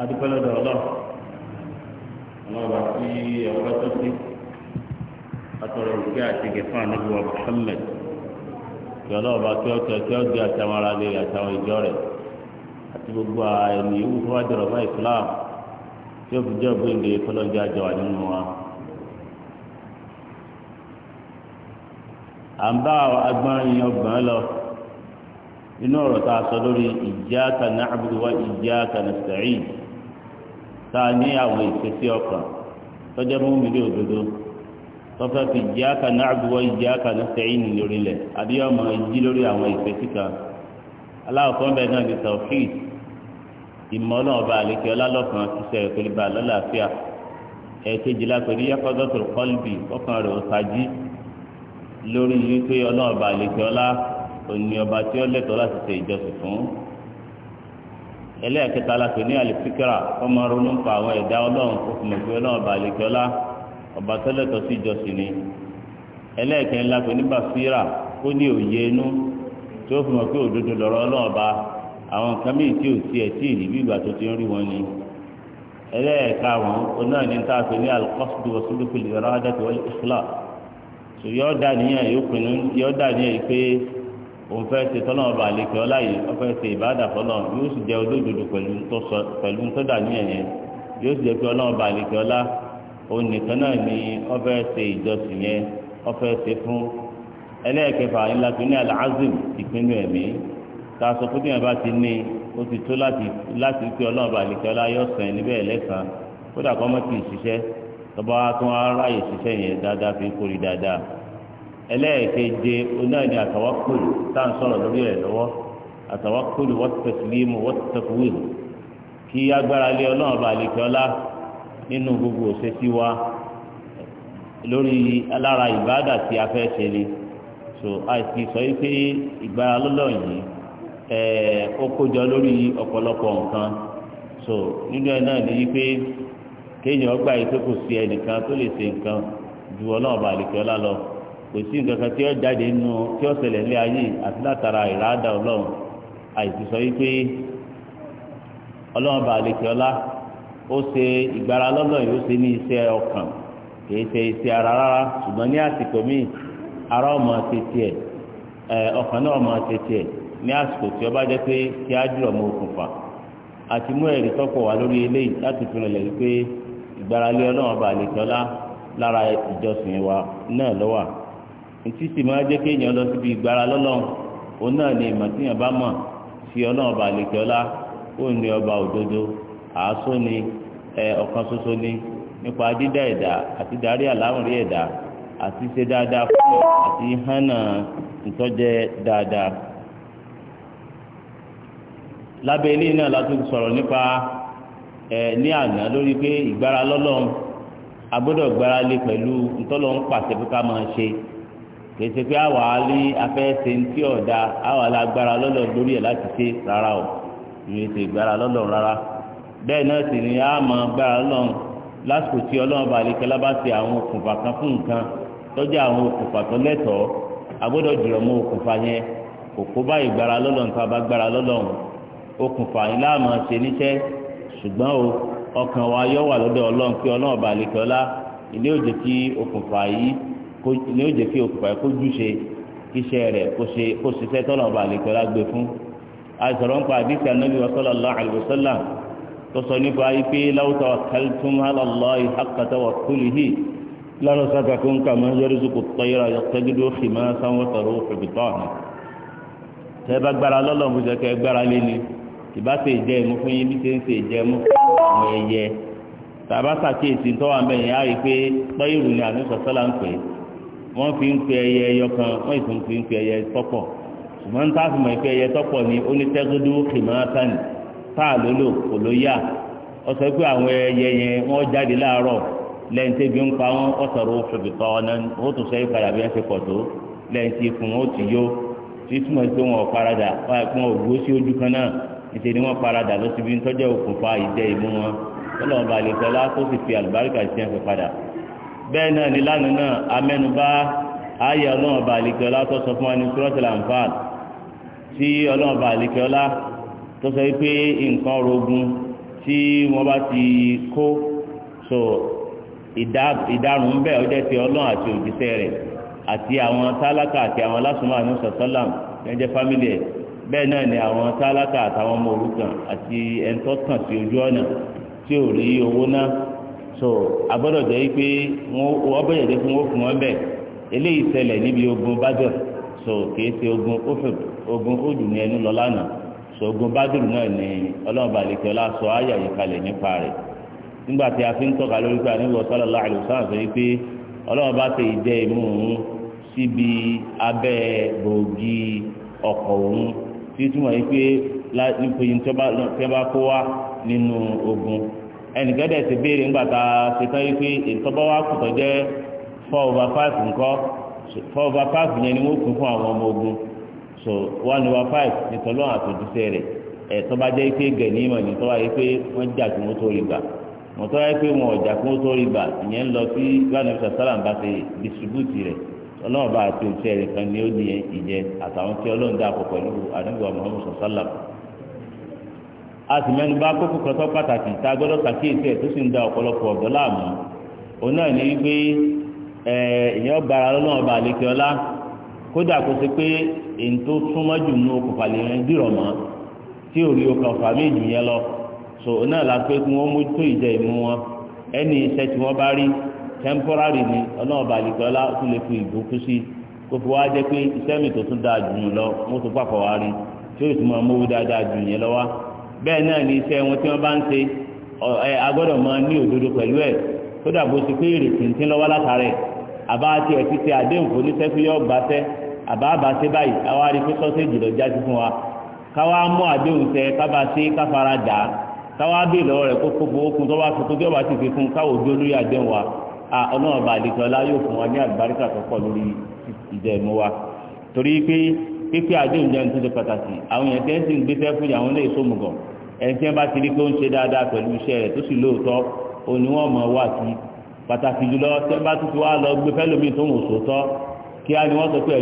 adúpẹ́lọ́dọ̀ ọlọ́ ọlọ́ba tí ọ̀rọ̀ tó sí atọ̀rọ̀ òkè àti gẹ̀fà nígbà Muhammad tí ọlọ́ba tí ó tẹ̀ tí ó di àtàwọn ará lè àtàwọn ìjọ rẹ̀ àti gbogbo ẹni ìwú tó wá dọ̀rọ̀ Islam tí ó fi jẹ́ ògbé ìdè kọlọ́jà wà nínú wa. à ń bá agbọ́nrin ọgbọ̀n lọ inú ọ̀rọ̀ tá a sọ lórí iyyaka na'budu wa iyyaka nasta'in. tá a ní àwọn ìfẹsí ọkàn tọjá mú mi lé òdodo tọfẹ fi iyyaka na'budu wa iyyaka nasta'in lórí lẹ àbí lori yí lórí àwọn ìfẹsí kan aláwọkọ bẹ́ẹ̀ náà ní tawhid ìmọ̀ náà ọba àlekè ọlálọkàn ṣiṣẹ ìpèlébà lọlàáfíà ẹ̀ẹ́kejì lápẹ̀ ní yaqazatul qalbi ọkàn rẹ̀ ọ̀sájì lórí wípé ọlọ́ọ̀bà àlekè ọlá òní ọba tí ó lẹ́tọ̀ọ́ láti ṣe ìjọsìn fún ẹlẹ́ẹ̀kẹta la pè ní àlìfíkìrà ọmọ ronú pa àwọn ẹ̀dá ọlọ́run kó fi mọ̀ pé ọlọ́run bá àlejò ọlá ọba tọ́lẹ̀tọ̀ sí ìjọsìn ni ẹlẹ́ẹ̀kẹrin la pè ní basira ó ní òye inú tí fi mọ̀ pé òdodo lọ́rọ̀ ọlọ́run bá àwọn nǹkan míì tí ò sí ẹ̀ tí ìrì bí ìgbà tó ti ń rí wọn ni ẹlẹ́ẹ̀ka wọn oná ní ta pè ní alikọ́sùdù òun fẹ́ ṣe tọ́lọ́mọ bá lè kẹ́ ọ láyè ọ fẹ́ ṣe ìbáàdà fọlọ́ yóò sì jẹ́ olódodo pẹ̀lú ntọ́dà ní ẹ̀yẹn yóò sì jẹ́ pé ọlọ́mọ bá lè kẹ́ ọ lá òun nìkan náà ni ọ fẹ́ ṣe ìjọsìn yẹn ọ fẹ́ ṣe fún ẹlẹ́ẹ̀kẹfà ńlá tó ní alhazim ìpinnu ẹ̀mí tá a sọ fún tíyẹn bá ti ní ó ti tó láti láti ọlọ́mọ bá lè kẹ́ ọ yọ sàn níbẹ̀ lẹ́sàn kódà kọ́ mọ́ ẹlẹ́ẹ̀keje onáàdì àtàwákùlù tá à ń sọ̀rọ̀ lórí ẹ̀ lọ́wọ́ àtàwákùlù wọ́tẹ̀sílímù wọ́tẹ̀kùwìlù kí agbára lé ọlọ́run bá lè kíọ́lá nínú gbogbo òṣèṣì wa lórí alára ìbáàdà tí a fẹ́ ṣe ni so àìsí sọ pé ìgbára lọ́lọ́ yìí ẹ̀ ó kójọ lórí ọ̀pọ̀lọpọ̀ nǹkan so nínú ẹ̀ náà ni kéèyàn gbà yìí sí ẹnìkan tó lè ṣe nǹkan ju ọlọ́run bá lè kíọ́lá kò nkankan nǹkan tí ó jáde nínú tí ó ṣẹlẹ̀ ní ayé àti látara ìràádà ọlọ́run àìsí sọ wípé ọlọ́run bá àlekè ọlá ó ṣe ìgbára lọ́lọ́run yóò ṣe ní iṣẹ́ ọkàn kìí ṣe iṣẹ́ ara rárá ṣùgbọ́n ní àsìkò míì ara ọmọ tètè ẹ ọkàn náà ọmọ tètè ní àsìkò tí ó bá jẹ́ pé kí á ọmọ òkùnfà àti mú ẹ̀rí tọ́pọ̀ wá lórí eléyìí láti fi rìnlẹ̀ wípé ìgbára lé ọlọ́run bá ọlá lára etí sì máa jẹ́ kéèyàn lọ síbi ìgbára lọ́lọ́run òun náà ni ìmọ̀ tíyàn bá mọ̀ sí ọlọ́run ọba àlèkè ọlá ó ní ọba òdodo àásó ni ẹ ọ̀kan ṣoṣo ni nípa dídá ẹ̀dá àti darí àlámọ̀rí ẹ̀dá àti ṣe dáadáa fún ọ àti hánà ìtọ́jẹ dáadáa. lábẹ́ ilé náà la sọ̀rọ̀ nípa ẹ ní àná lórí pé ìgbára lọ́lọ́run a kì í ṣe pé àwa lé afẹ́sẹ̀ ntí ọ̀dà àwa la gbára lọ́lọ́ lórí ẹ̀ láti ṣe rárá o ìrìn ètò ìgbára lọ́lọ́ rárá bẹ́ẹ̀ náà sì ni a máa gbára lọ́lọ́ lásìkò tí ọlọ́run bá lè kẹ́lá bá ṣe àwọn okùnfà kan fún nǹkan tọ́jú àwọn okùnfà tó lẹ́tọ̀ọ́ agbọ́dọ̀ dìrọ̀ mọ́ okùnfà yẹn òkú bá ìgbára lọ́lọ́ nǹkan bá gbára lọ́lọ́ okùnfà yìí láàmú ṣe níṣẹ́ ṣùgbọ́n o ọkàn wa yọ wà lọ́dọ̀ ọlọ́run pé ọlọ́run bá lè kẹ́lá ilé òjò tí okùnfà yìí ni ó jẹ́ kí okùnfà kó júṣe iṣẹ́ rẹ̀ kó ṣe kó ṣiṣẹ́ tọ́lọ̀ ọba àlejò lágbè fún. àìsọ̀rọ̀ ń pa àdìsí anábì sallallahu alaihi wasallam tó sọ nípa ipe law tawakkaltum ala Allahi haqqa tawakkulihi larazaqakum kama yarzuqu at-tayra yaqtabidu khimasan wa taruhu bitana. tẹ́ bá gbára lọ́lọ́ mo jẹ́ gbára lé ìbá ṣe ìjẹ́ ìmú fún yín bí ṣe ń ṣe ìjẹ́ mú ẹyẹ tàbá ṣàkíyèsí tó wà mẹ́yìn á pé tọ́yìrù ni àdúgbò sọ́lá ń pè é wọ́n fi ń pe ẹyẹ ẹyọ kan wọ́n ìtún fi ń pe ẹyẹ tọ́pọ̀ ṣùgbọ́n tá a fi mọ̀ pé ẹyẹ tọ́pọ̀ ni onítẹ́gídú kìmọ́tánì tá a lólò kò ló yá ọ sọ pé àwọn ẹyẹ yẹn wọ́n jáde láàárọ̀ lẹ́yìn tẹ́bi ń pa wọ́n ọ̀sọ̀rọ̀ fìbìtọ́ ọ̀nà ó tún sọ ìpadà bí wọ́n ṣe pọ̀ tó lẹ́yìn tí fún wọn ó ti yó tí túmọ̀ sí pé wọn ò paradà wọn ò gbó sí ojú kan náà níṣẹ́ ni wọ́n paradà lọ síbi ń tọ́jú òkùnfà ìjẹ́ ìmú wọn tọ́lọ́mọba àlejò ọlá tó fi àlùbáríkà sí ẹ̀fẹ̀ padà bẹ́ẹ̀ náà ní lánàá náà amẹ́nubá ayé ọlọ́run ọba àlìkẹ́ ọlá tó sọ fún wa ní suratul Anfal tí ọlọ́run ọba àlìkẹ́ ọlá tó sọ wípé nǹkan rogun tí wọ́n bá ti kó so ìdárùn bẹ́ẹ̀ ọjọ́ ti ọlọ́run àti òjíṣẹ́ rẹ̀ àti àwọn tálákà àti àwọn lásùnmọ́ àánú sọ̀tọ́làm ẹ̀jẹ̀ fámìlì ẹ̀ bẹ́ẹ̀ náà ni àwọn tálákà àtàwọn ọmọ òrukàn àti ẹ̀ńtọ́tàn sí ojú ọ̀nà tí ò rí owó náà so agbọ́dọ̀ jẹ́ pé ọbẹ̀ yẹ̀dẹ́ fún wọn fún wọn bẹ̀ eléyìí ṣẹlẹ̀ níbi ogun bádùn so kìí ṣe ogun ofeb ogun odù ní ẹnu lọ lánàá so ogun bádùn náà ni ọlọ́run balẹ̀kẹ́ ọlá sọ ayà yìí nípa rẹ̀ nígbà tí a fi ń tọ́ka lórí pé àníwọ̀ sallallahu alaihi wasallam sọ pé ọlọ́run bá ṣe ìdẹ́ imú òun síbi abẹ́ bòógì ọkọ̀ òun tí túmọ̀ yìí pé nípa yìí tí wọ́n bá kó wá nínú ogun ẹnìkan dẹ̀ ti béèrè ńgbà ṣetán yìí pé ìtọ́bọ́ wa kùtọ̀ jẹ́ 4 over ńkọ́ 4 over yẹn ni wọ́n kún fún àwọn ọmọ ogun so 1 over ni tọ́lọ́ àtòjúṣe rẹ̀ ẹ̀ jẹ́ pé gẹ̀nìmọ̀ ní yìí pé wọ́n jà kí wọ́n tó rí gbà wọ́n yìí pé jà kí wọ́n tó sí bá ti a sì mẹ́nu bà kókó kan tó pàtàkì tá a gbọ́dọ̀ ṣàkíyèsí ẹ̀ tó sì ń da ọ̀pọ̀lọpọ̀ ọ̀dọ́ láàmú òun náà ní wípé ìyẹn lọ́nà ọba àlekè ọlá kódà kó pé èyí tó súnmọ́ jù okùnfà lè rìn dìrọ̀ mọ́ lọ so òun náà la pé kí wọ́n mójútó ìjẹ ìmú wọn ẹni iṣẹ́ tí wọ́n bá rí temporary ni ọba àlekè ọlá tó bẹ́ẹ̀ náà ni iṣẹ́ wọn tí wọ́n bá ń agbọ́dọ̀ ní òdodo pẹ̀lú ẹ̀ ti pé èrè tìǹtìǹ lọ́wọ́ látara àbá ti ẹ̀ ti ṣe àdéhùn fún àbá báyìí rí lọ jáde fún wa káwa mú àdéhùn ṣẹ káfara dà bí rẹ̀ kókó ti fún wa wa torí pé àdéhùn jẹun tó ṣe pàtàkì àwọn èèyàn tẹ́ ń fún ẹni tí wọ́n bá ti rí pé ó ń ṣe dáadáa pẹ̀lú iṣẹ́ rẹ̀ tó sì lóòótọ́ òní wọ́n mọ̀ wá sí pàtàkì jùlọ tí wọ́n bá tún wá lọ gbé fẹ́lómi tó ń wò sóòótọ́ kí á ní wọ́n sọ pé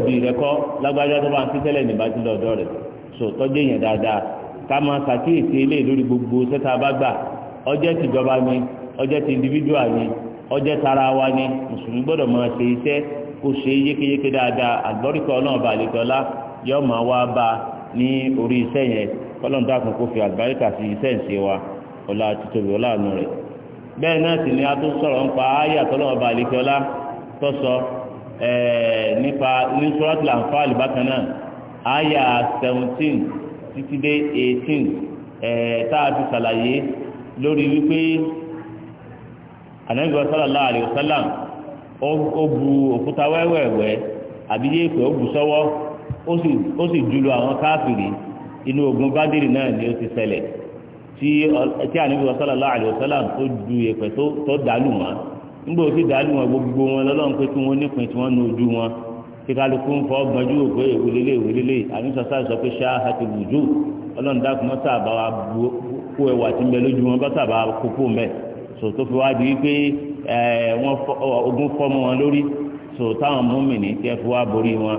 gbogbo sẹ́ta bá gbà ọjẹ́ tìjọba ni ọjẹ́ ti individual ni ọjẹ́ tara wa ni mùsùlùmí gbọ́dọ̀ máa ṣe iṣẹ́ kó ṣe yékéyéké dáadáa àgbọ́ríkọ náà bàlẹ̀kọ́lá yọ kọ́lọ́n dákun kó fi àlùbáríkà sí iṣẹ́ ìṣe wa ọlá títóbi ọlá àánú rẹ̀ bẹ́ẹ̀ náà sì ni a tó sọ̀rọ̀ nípa ayà tọ́lọ́wọ́ bá àlekí tó sọ nípa ní suratul Anfal bákan náà ayà seventeen títí dé eighteen tá a ti ṣàlàyé lórí wípé Ànábì sallallahu alaihi wasallam ó bu òkúta wẹ́wẹ́wẹ́ àbí yéèpẹ̀ ó bu sọ́wọ́ ó sì jùlọ àwọn káàfìrí inú ogun bádìrì náà ni ó ti ṣẹlẹ̀ tí ànábì sallallahu alaihi wasallam tó ju ìpẹ́ tó dàlù wọn nígbà tó dàlù wọn gbogbo wọn lọ́lọ́run pé kí wọ́n nípìn tí wọ́n nu ojú wọn kí kálukú ń fọ́ gbọ́njú òkú ìwúlélẹ̀ ìwúlélẹ̀ àníṣọ́sá sọ pé ṣáhàtì wùjú ọlọ́run dákun mọ́ sábà wa bu kó ẹwà tí ń bẹ lójú wọn bá sábà kókó mẹ́ so tó fi wá di wípé ogun fọ́ mọ́ wọn lórí so táwọn mú mi ní tí ẹ fi wá borí wọn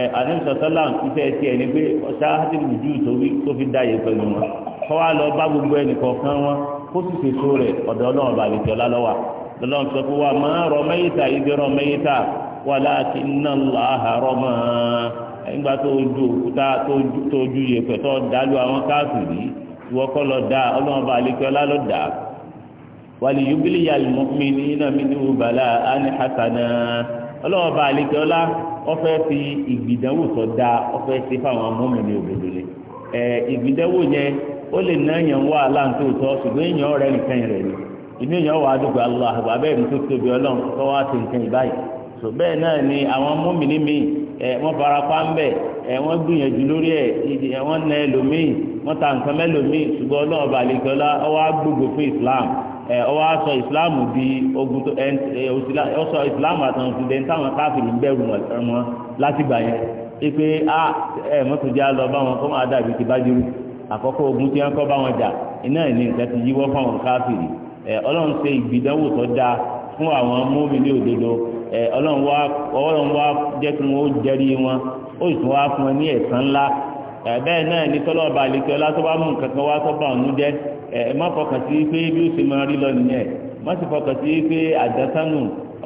ẹ mfe eti ẹni pé ṣáàtì lùjú tóbi tó fi dáyé pẹ̀lú wọn kọ́ wa lọ bá gbogbo ẹnì kọ̀ọ̀kan wọn kó sì rẹ̀ ọ̀dọ̀ ọlọ́run lọ́lọ́run sọ pé wà má rọ ibi rọ wà láti iná mọ́ tó ju òkúta tó ju dálú àwọn ìwọ kọ́ lọ dá ọlọ́run bàbá ìjọba lọ dá wàlí yubili ní iná mi ọfẹ́ fi ìgbìdánwò tó dáa ọfẹ́ si fáwọn amúmìnir òdodo ni ẹ ìgbìdánwò yẹn ó lè ná èèyàn wá aláǹtó èèyàn rẹ nìkan rẹ ni inú èèyàn wà á dùgbò àlọ́ àgbà bẹ́ẹ̀ ni tó tóbi ọlọ́run tó wá ti nǹkan ìbáyìí tó bẹ́ẹ̀ náà ni àwọn mi ẹ wọ́n fara pa ń bẹ̀ ẹ wọ́n gbìyànjú lórí ẹ wọ́n wọ́n ta nǹkan ṣùgbọ́n ọlọ́run ọwọ́ aṣọ ìsìláàmù di ogun tó ọṣọ ìsìláàmù àtàwọn òṣìṣẹ́ ní táwọn káfíìn ń bẹ̀rù wọn láti gbà yẹn ipe a ẹ mọ́tò jẹ́ àlọ́ bá wọn kọ́ máa dàbí ti bá jírú àkọ́kọ́ ogun tí wọ́n kọ́ bá wọn jà iná ìní nǹkan ti yíwọ́ fáwọn káfíìn ẹ ọlọ́run ṣe ìgbìdánwò tó dáa fún àwọn mọ́mìnì òdodo ẹ ọlọ́run wá jẹ́ kí wọ́n jẹ́rìí wọn ó sì tún wá fún wọn ní ẹ̀san ńlá ẹ bẹ́ẹ̀ náà ní tọ́lọ́ọ̀bà àlekẹ́ ọlá tó bá mú nǹkan kan wá ma má fọkàn sí pé bí ó ṣe máa rí lọ nìyẹn má sì fọkàn sí pé àjẹsánù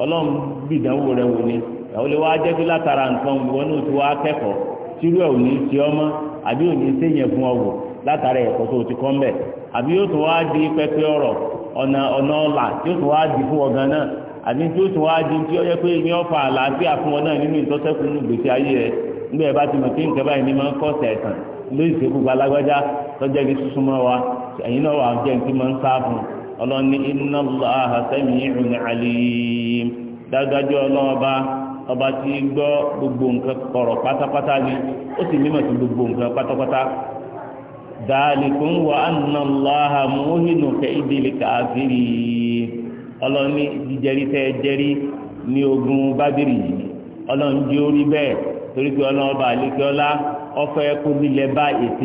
ọlọ́run gbìdánwò rẹ wò ni àwọn olè wa jẹ́ bí látara nǹkan ìwọ náà ti wá kẹ́kọ̀ọ́ tírú ẹ̀ ò ní ti ọmọ àbí ò ní fún ọwọ́ látara ẹ̀kọ́ tó ti kọ́ mbẹ̀ àbí yóò tún wá di pẹpẹ ọ̀rọ̀ ọ̀nà ọ̀nà tí yóò tún wá di fún náà àbí tí tún wá di rẹ nígbà bá ti mọ̀ kí nǹkan báyìí ní máa ń kọ́ lóyún ìṣekú wa ẹ̀yin náà wà jẹ́ ntí máa ń sáfún ọlọ́ni ha Allaha sami'un alim dágájọ́ ọlọ́ọ̀ba ọba ti gbọ́ gbogbo nǹkan kọ̀rọ̀ pátápátá ni ó sì mímọ̀ sí gbogbo nǹkan pátápátá dàlìkún wa anna Allaha muhinu kaidil kafirin ọlọ́ni jíjẹrí tẹ́ jẹ́rí ní ogun bábìrì yìí bẹ́ẹ̀ torí pé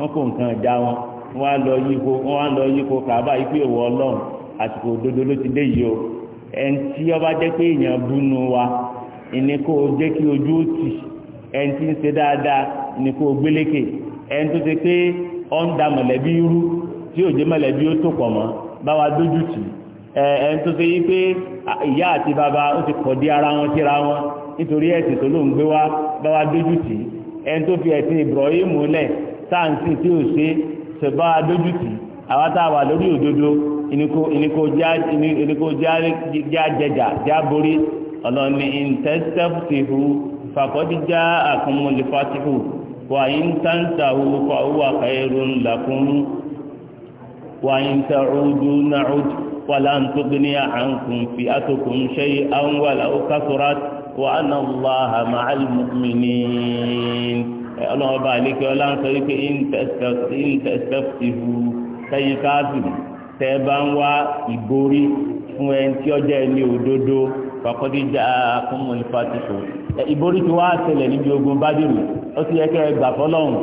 wọn kó nǹkan ẹja wọn wọn á lọ yípo wọn á lọ yípo kàbá yípo ìwọ Ọlọ́run àsìkò òdodo ló ti dé yìí o ẹni ọba jẹ́ pé èèyàn búnú wa ìní kó o jẹ́ kí ojú ó tì ẹni tí ń ṣe dáadáa ìní kó o gbélékè ẹni tó ṣe pé ọ̀ ń da mọ̀lẹ́bí irú tí òjé mọ̀lẹ́bí ó tó pọ̀ mọ́ bá wa dójú tì ẹni tó ṣe yí pé ìyá àti bàbá ó ti kọ̀ di ara wọn síra wọn nítorí ẹ̀sìn tó ló ń gbé wá bá wa dójú tì ẹni tó fi ẹ̀sìn Ibrahim lẹ̀ táǹtì tí ò ṣe ṣẹ̀bá adójútì àwa tá a wà lórí òdodo ìníkó jájẹjà jáborí ọlọ́ni ìntẹ́sẹ́fùtìhù fàkọ́díjá àkúnmọ̀lẹ́fàtìhù wà ìntàǹtàhù fàwọ́ àkàẹrù ńlákún wà ìntàrúdú náàrúdú wà láǹtógbìní àǹkùn fi àtòkùn ṣe àwọn wà láwọ́ kásùrát wà náà ọlọ́run ọba àlékè ọlá ń sọ wípé intesteftihu sẹ́yìn káàbìrì tẹ́ ẹ bá ń wá ìborí fún ẹni tí ọjà ẹni òdodo fàkọ́díjà akúnmọ̀lì fàtìkù ìborí tí wàá ṣẹlẹ̀ níbi ogun bádìrì ó sì yẹ kẹ́ ẹ gbà fọlọ́run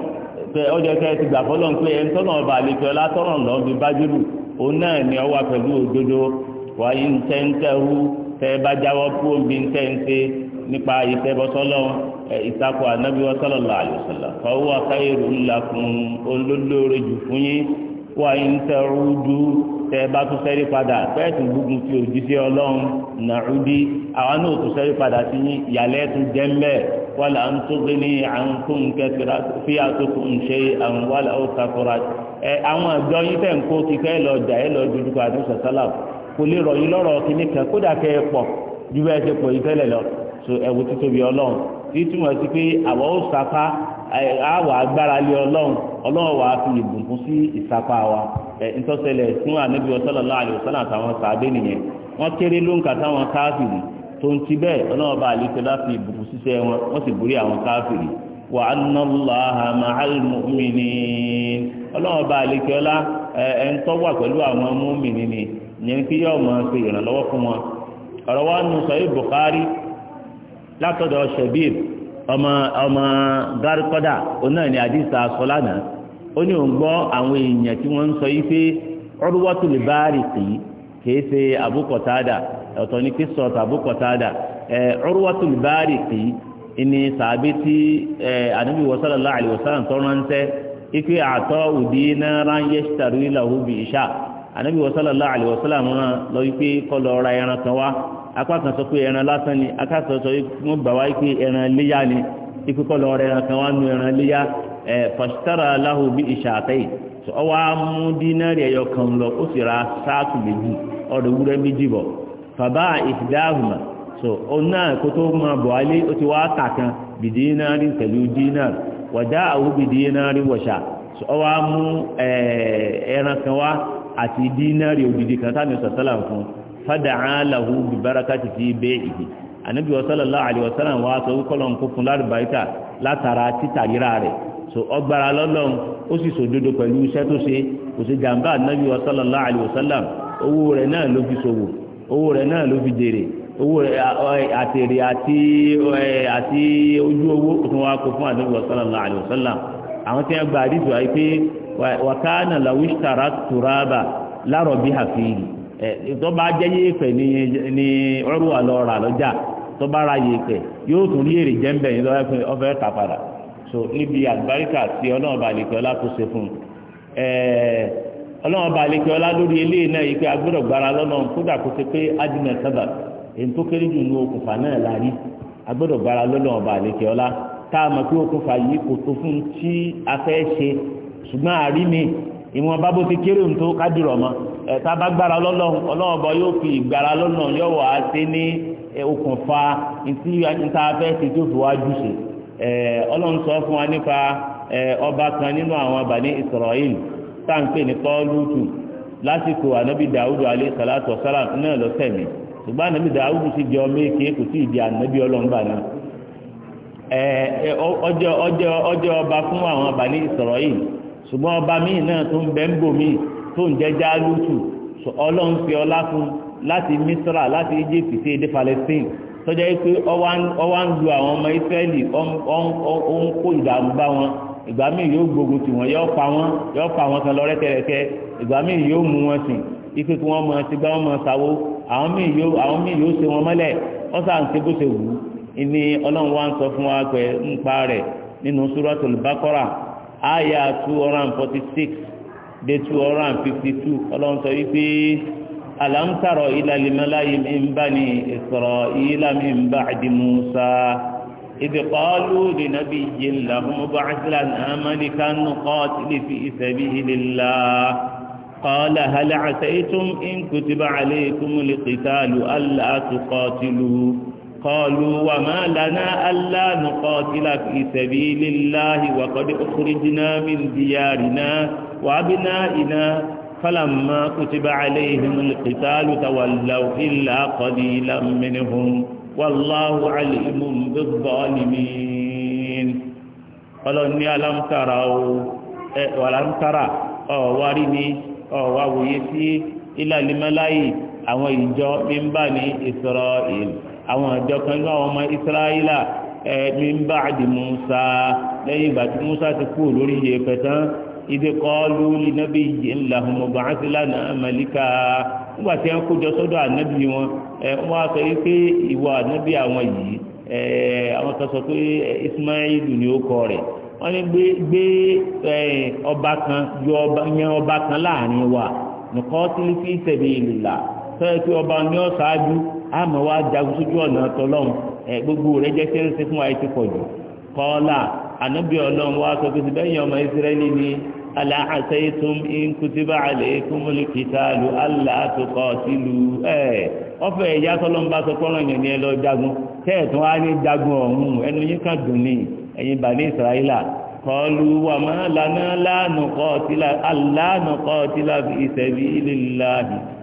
pé ó yẹ kẹ́ ẹ ti gbà fọlọ́run pé ẹni tọ́nà ọba àlékè ọlá tọ́nà lọ́ọ́ bí bádìrì òun náà ni ọwà pẹ̀lú òdodo wàá yí ń tẹ́ńtẹ́ hù tẹ́ ẹ bá jáwọ́ kú òun bí ń tẹ́ńtẹ́ nípa ìfẹ́bọsọ́lọ́ ìtakò ànábi sallallahu alaihi wasallam fa huwa khairul lakum olólóore jù fún yín wà ń tẹrúdú tẹ bá tún sẹ́rí padà pẹ́ẹ́tù gbógun ti òjíṣẹ́ ọlọ́run nàrúdí àwa náà tún sẹ́rí padà sí yín ìyàlẹ́ tún jẹ́ mbẹ́ wàlà ń tó gbé ní àǹkóhùn kẹsìrà fi àtòkù ń ṣe àwọn wàlà ó kakura ẹ àwọn àjọ yín fẹ́ ń kó ti lọ jà ẹ lọ dúdú kọ àdúgbò sàlám kò lè rọ̀ yín lọ́rọ̀ kíní kódà kẹ́ ẹ pọ̀ ju bẹ́ẹ̀ ṣe pọ̀ yìí tẹ́lẹ̀ lọ ẹ̀wù títóbi ọlọ́run tí túmọ̀ sí pé àwọ̀ ó sapá àwọ̀ agbára lé ọlọ́run ọlọ́run wàá fi ìbùkún sí ìsapá wa ẹ̀ ntọ́sẹ̀lẹ̀ fún ànábì sallallahu alaihi wasallam àtàwọn sàbẹ̀ nìyẹn wọ́n kéré ló ń káfìrì tó ń ti bẹ́ẹ̀ ọlọ́run bá láti wọn wọ́n sì borí àwọn káfìrì wa ọlọ́run bá ẹ̀ ń látọ̀dọ̀ shabib ọmọ ọmọ garikoda onáà ní àdìsá sọlánà ó ní òun gbọ́ àwọn èèyàn tí wọ́n ń sọ yìí pé Urwatul Bariqi kìí ṣe Abu Qatada ọ̀tọ̀ ní kíṣọ̀tà Abu Qatada Urwatul Bariqi ni sàbí tí ànábì sallallahu alaihi wasallam tó ránṣẹ́ ike àtọ́ òdì náà ránṣẹ́ ṣàrú ìlà òbí ìṣá ànábì sallallahu alaihi wasallam rán lọ wípé kọ́ lọ ra ẹran kan wá apá kan sọ pé ẹran lásán ni apá kan sọ pé wọ́n gbà wá pé ẹran léyà ni ikú kọ́ lọ́ọ́ rẹ̀ ẹran kan wá nu ẹran léyà ẹ̀ fàṣítàrà aláhùn bí ìṣàtẹ́yì tó ọ wá mú dínárì ẹ̀yọ kan lọ ó sì ra sáàtù méjì ọ̀dọ̀ wúrẹ́ méjì bọ̀ fàbá ìfìdáhùnmá tó ọ náà kó tó máa bọ̀ alé ó ti wá tà kan bí dínárì pẹ̀lú dínárì wàjá àwọn bí dínárì wọ̀ṣà tó ọ wá mú ẹran kan wá àti dínárì òdìdí kan táwọn fada'a lahu bi barakati fi bay'ihi ànábì sallallahu alaihi wasallam wá sọ wípé Ọlọ́run kó fún lárúbáríkà látara títà rírà rẹ̀ so ọgbàrá lọ́lọ́run ó sì sòdodo pẹ̀lú iṣẹ́ tó ṣe kò sí jàǹbá ànábì sallallahu alaihi wasallam owó rẹ̀ náà ló fi ṣòwò owó rẹ̀ náà ló fi dèrè owó rẹ̀ àtèrè àti àti ojú owó tó wá kó fún ànábì sallallahu alaihi àwọn tí wọ́n gba àdìsọ àyíké wàkánà làwíṣtàrà tó bá jẹ́ yéèpẹ̀ ni ọrùn wà lọ rà lọ́jà tó bá ra yéèpẹ̀ yóò tún rí èrè jẹ́ ń bẹ̀ yín ọfẹ́ so níbi àgbáríkà tí ọlọ́run lè kẹ́ ọlá tó fún un ọlọ́run lè kẹ́ lórí eléyìí náà yìí pé agbọ́dọ̀ gbára lọ́nà kódà kó pé adìmẹ̀ sábà okùnfà náà la rí agbọ́dọ̀ gbára lọ́nà ìwọ̀n bá bó ti kéré ń tó kádìrọ̀ mọ́ ẹ̀ta bá gbára lọ́lọ́run yóò fi ìgbára lọ́nà yóò wá ní okùnfà ntí níta fẹ́ ti tó fi wájú ṣe ọlọ́run sọ fún wa nípa ọba kan nínú àwọn Bani Israel táǹpé ní Tọ́lútù lásìkò ànábì Dàúdù alẹ́ sàlátọ̀ náà lọ́sẹ̀ mi ṣùgbọ́n ànábì Dàúdù ọmọ èké kò sí ìdí ànábì ṣùgbọ́n ọba míì náà tó ń bẹ ń bò míì tó ń jẹ́ jálùtù ọlọ́run fi ọlá fún láti misra láti egypt sí èdè palestine tọ́jà yìí pé ọwá ń lu àwọn ọmọ israẹli ó ń kó ìdààmú bá wọn ìgbà míì yóò gbógun tì wọ́n yóò pa wọ́n yóò pa wọ́n kan lọ rẹ́kẹrẹkẹ ìgbà míì yóò mú wọn sìn ipe kí wọ́n mọ ti gbá wọn mọ sáwó àwọn míì yóò àwọn míì yóò ṣe wọn mọ́lẹ̀ wọ́n sàn ṣe bó ṣe wù ú ni ọlọ́run wá ń sọ fún wa pé ń pa rẹ̀ nínú suratul baqara àyà two hundred and forty six dé two hundred and fifty two ọlọ́run sọ wípé alam tara ila al-mala'i min bani isra'ila min ba'di musa إذ قالوا لنبي لهم ابعث لنا ملكا نقاتل في سبيل الله قال هل عسيتم إن كتب عليكم القتال ألا قالوا وما لنا ألا نقاتل في سبيل الله وقد أخرجنا من ديارنا وأبنائنا فلما كتب عليهم القتال تولوا إلا قليلا منهم والله عليم بالظالمين قالوا إني ألم تروا ولم ترى وارني وويسي إلى الملائي أو إنجو من بني إسرائيل àwọn àjọ kan nínú àwọn ọmọ israẹla min ba'di musa lẹ́yìn ìgbà tí musa ti kú lórí yẹ̀pẹ̀ tán ìdè qalu li nabiyyin lahum ib'ath lana malika nígbà tí wọ́n kójọ sọ́dọ̀ ànábì wọn wọ́n á sọ pé ìwọ ànábì àwọn yìí àwọn kan sọ pé ismail ni ó kọ rẹ̀ wọ́n ní gbé ọba kan yan ọba kan láàrin wa nìkan tí fi sabilillah sọ́yẹ́ pé ọba ní ọ̀sáájú àmọ́ wa jagun sójú ọ̀nà tọlọ́run ẹ̀ gbogbo rẹ̀ jẹ́ kí ń ṣe fún wa ti pọ̀ jù kọ́ọ́lá ànábì wa sọ pé ọmọ ni ala asaitum in kutiba alaykumul qitalu alla tuqatilu ẹ̀ ọ̀fẹ́ bá sọ yẹn ni ẹ lọ jagun ní jagun ọ̀hún ẹnu yín dùn ní kọlu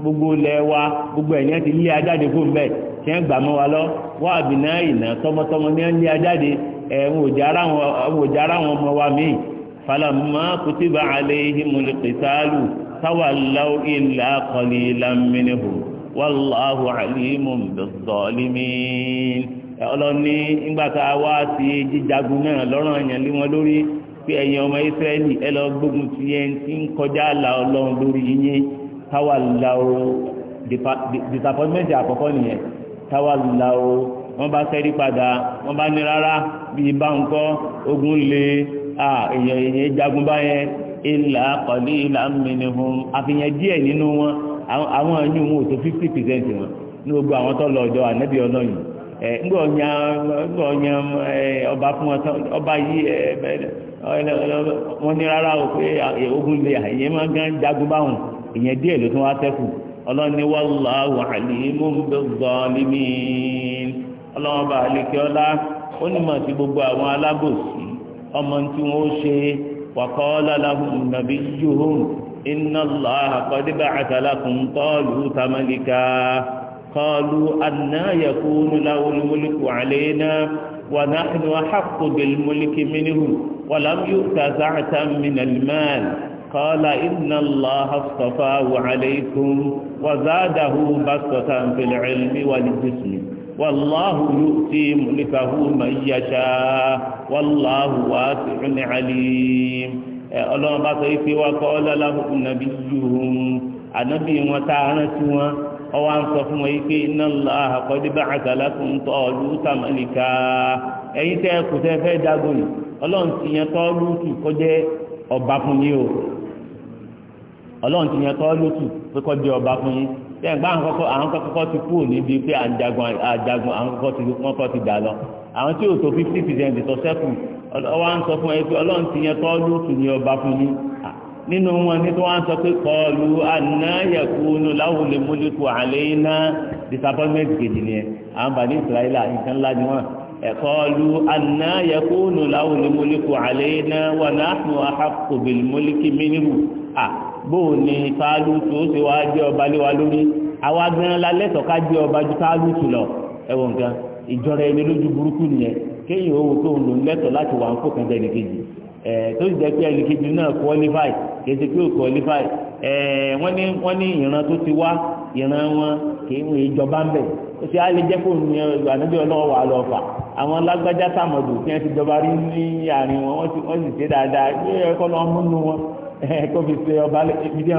gbogbo ilẹ̀ wa gbogbo ẹ̀ ní ẹ ti lé ajáde fún bẹ́ẹ̀ tí wọ́n gbà mọ́ wa lọ wọ́n àbìnà ìnà tọmọtọmọ ní ẹ lé ajáde ẹ̀wọ̀n òjà ara wọn ọmọ wa míì falamma kutiba alayhimul qitalu tawallaw illa qalilan minhum wallahu alimun bizzalimin ọlọ́ni ńgbàtà wá sí jíjagun náà lọ́rọ̀ ẹ̀yàn lé wọn lórí pé ẹ̀yin ọmọ Ísírẹ́lì ẹ lọ gbógun ti ẹni tí ń kọjá àlà ọlọ́run lórí yín tawàláwó disappointment àkọ́kọ́ nìyẹn tawàláwó wọ́n bá sẹ́rí padà wọ́n bá ní rárá bí i bá ń kọ́ ogun lè a èèyàn jagun báyẹn ilà kọ̀lí ilà mìíràn àfihàn díẹ̀ nínú wọn àwọn ẹ̀yìn wọn ò tó wọn ní àwọn tó lọ ọlọ́yìn ìyẹn díẹ̀ ló tún wá sẹ́kù ọlọ́ni wallahu alimun bizzalimin ọlọ́wọ́n bá àlekẹ́ ọlá ó ní mọ̀ sí gbogbo àwọn alábòsí ọmọ tí wọ́n ṣe wa qala lahum nabiyyuhum inna Allaha qad ba'atha lakum Taluta malika qalu anna yakunu lahu al-mulku alayna wa nahnu ahaqqu bil-mulki minhu wa lam yu'ta sa'atan min al-mal. قال إن الله اصطفاه عليكم وزاده بسطة في العلم والجسم والله يؤتي ملكه من يشاء والله واسع عليم wa fi ọlọ́láhùn nàbí yòòhùn wọn tá a rántí wọn ọwọ́ à ń sọ fún wọn yìí pé iná ńlá àkọ́débà ọlọ́run ti yẹn kọ́ lótù pé kọ́ jẹ ọba fún yín bẹ́ẹ̀ gbá àwọn kọ́kọ́ àwọn kọ́kọ́ ti kúrò níbi pé àjagun àjagun àwọn kọ́kọ́ ti wọ́n kọ́ ti dà lọ àwọn tí yóò tó fifty percent sọ sẹ́kù ọwọ́ à ń sọ fún ẹ pé ọlọ́run ti yẹn kọ́ lótù ní ọba fún yín nínú wọn ní tí wọ́n sọ pé kọlu anáyẹ̀kúnú láwùlé múlíkù àlẹ́ iná disappointment kejì ni ẹ àwọn bàbá ìsirayílà nǹkan ńlá ni wọn ẹ̀kọ́lu anáyẹ̀kúnú láwùlé múlíkù àlẹ́ iná wọn náà fún wa hàkùbìlì múlíkì mínírù bóò ni tálùtù ó ṣe wáá jẹ́ ọba lé lórí àwa la lẹ́tọ̀ọ́ ká jẹ́ ọba ju tálùtù lọ ẹ̀wọ̀ nǹkan ìjọra ẹni lójú burúkú nìyẹn kéèyàn owó tó ń lò ń lẹ́tọ̀ọ́ láti wà ń kó ẹnìkejì ẹ̀ tó sì jẹ́ pé ẹnìkejì náà pé ó ẹ̀ wọ́n ní wọ́n ní ìran tó ti wá ìran wọn kéèyàn ìjọba ń bẹ̀ ó jẹ́ fóònù ọlọ́wọ́ wà lọ fà àwọn lágbájá sàmọ̀dù tí wọ́n ti jọba rí ní àárín wọn wọ́n sì ṣe Eh, kó fi ṣe ọba ibi tí sí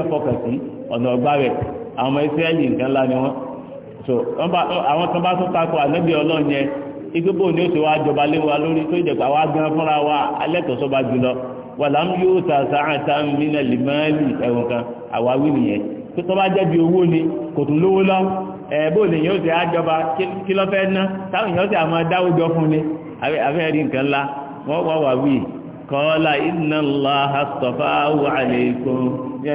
ọ̀nà ọgbà rẹ̀ àwọn ọmọ ìsírẹ́lì nǹkan ni wọ́n so àwọn kan bá tún takọ ànábì ọlọ́run yẹn igbó ni ó ti jọba wa lórí tó ìjẹ̀pá wa gan fúnra wa alẹ́tọ̀sọ́ba jùlọ yóò ta sàáta mìíràn lìmọ́ẹ́lì ẹ̀wọ̀n kan nìyẹn tó tọ́ bá jẹ́ bí owó ni kò tún lówó lọ eh, ni yóò àjọba kí lọ́fẹ́ ná táwọn àmọ́ dáwọ́jọ́ kọ́ọ́lá iná ńlá àtọ̀fà ní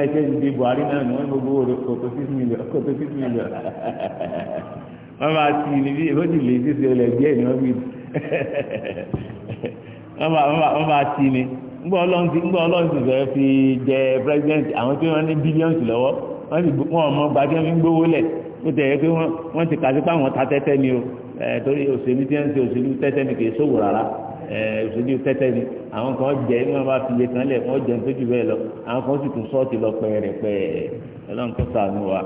ẹ̀ṣẹ́ ìdí buhari náà ni wọ́n gbogbo rẹ̀ kòtò ha ha ha. six million wọ́n bá ti ní bí ó ti lè ṣe ṣe ọlẹ̀ díẹ̀ ni wọ́n fi wọ́n bá ti ní ńgbọ́ ọlọ́run ti ńgbọ́ fẹ́ fi jẹ president àwọn tí wọ́n ní bílíọ̀nù lọ́wọ́ wọ́n sì wọ́n mọ gbajúmọ̀ fi gbówó lẹ̀ ó tẹ̀ pé wọ́n ti kà sí ta tẹ́tẹ́ ni o torí òṣèlú tí wọ́n òṣèlú tẹ́tẹ́ ni kì í ṣòwò rárá òṣèlú tẹ́tẹ́ ni àwọn kan jẹ́ ní wọ́n bá fi iye kan lẹ̀ wọ́n jẹun tó jù bẹ́ẹ̀ lọ àwọn kan sì tún sọ́ọ̀tì lọ pẹ̀rẹ̀pẹ̀ ọlọ́run tó sànù wa.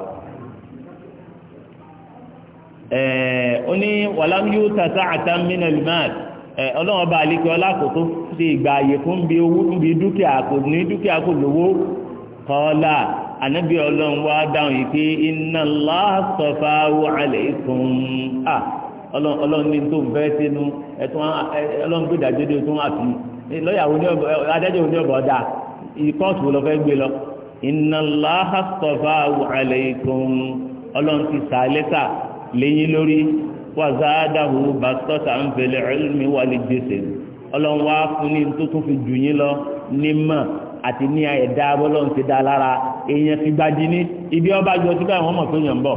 ó ní wàlámù yóò àtàmínà ọba ṣe ìgbà fún bí owó bí dúkìá kò ní dúkìá kò lówó kọ́ọ́lá ọlọ́run wá dáhùn yìí ọlọ́run ní tó ń fẹ́ sínú ẹ̀tún ọlọ́run gbé ìdájọ́ dé tó ń àfi lọ́yà adájọ́ òní ọ̀bọ̀ ọ̀dà kóòtù wo lọ fẹ́ gbé lọ. inna Allaha astafahu alaykum ọlọ́run ti sà lẹ́sà lẹ́yìn lórí wa zaadahu bastatan fil ilmi wal jism ọlọ́run wá fún ní tó tún fi jù yín lọ ní mọ̀ àti ní ẹ̀dá bọ́lọ́run ti dá lára èèyàn ti gbadí ní ibi ọba jọ tí báyìí wọ́n mọ̀ tó yàn bọ̀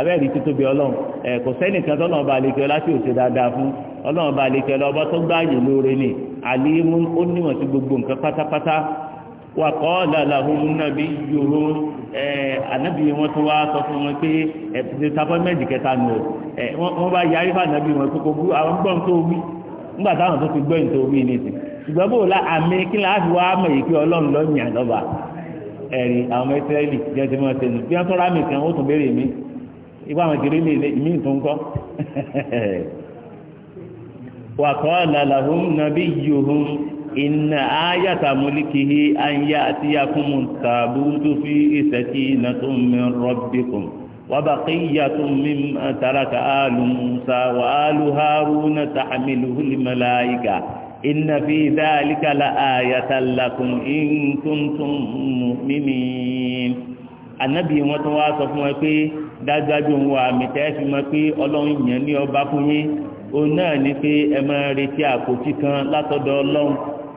abẹ́rẹ́ títóbi ọlọ́run ẹ̀ kò sẹ́nìkan tó lọ́wọ́ bá lè kẹ́ ọ láti òṣè dáadáa fún ọlọ́run bá lè kẹ́ ọ ọba tó gbáàyè lóore ni àlímú ó níwọ̀n sí gbogbo nǹkan pátápátá wà kọ́ làlàhùn nàbí yòrò ẹ̀ ànábì wọn tó wá sọ fún wọn pé ẹ̀ ti sàpọ́mẹ́ǹtì kẹta nù ẹ̀ wọ́n bá yarí fún ànábì wọn pé kò àwọn gbọ́n tó wí nígbà táwọn tó ti gbọ́ ìtò omi ní ìsìn ṣùgbọ́n bó la àmì kí la fi wá mọ̀ yìí kí ọlọ́run lọ́nyìn àlọ́ba ẹ̀rí àwọn ọmọ ìsírẹ́lì jẹ́ ti mọ̀ ṣẹlẹ̀ bí wọ́n tọ́ra mi kan ó tún béèrè mi ìwà àwọn ìdílé lè ìmí ìtún kọ́ wa qala lahum nabiyuhum inna ayata mulkihi an ya'tiyakumu tabutu fi sakinatin min rabbikum wa baqiyatun mimma taraka alu musa wa alu haruna tahmiluhu al-malaika inna fi dhalika la ayatan lakum in kuntum wọn tó wá sọ fún ẹ pé dájúdájú òun wà mí tẹ́ fi mọ̀ pé ọlọ́run ní ọba fún yín òun náà ní pé ẹ máa retí kan látọ̀dọ̀ ọlọ́run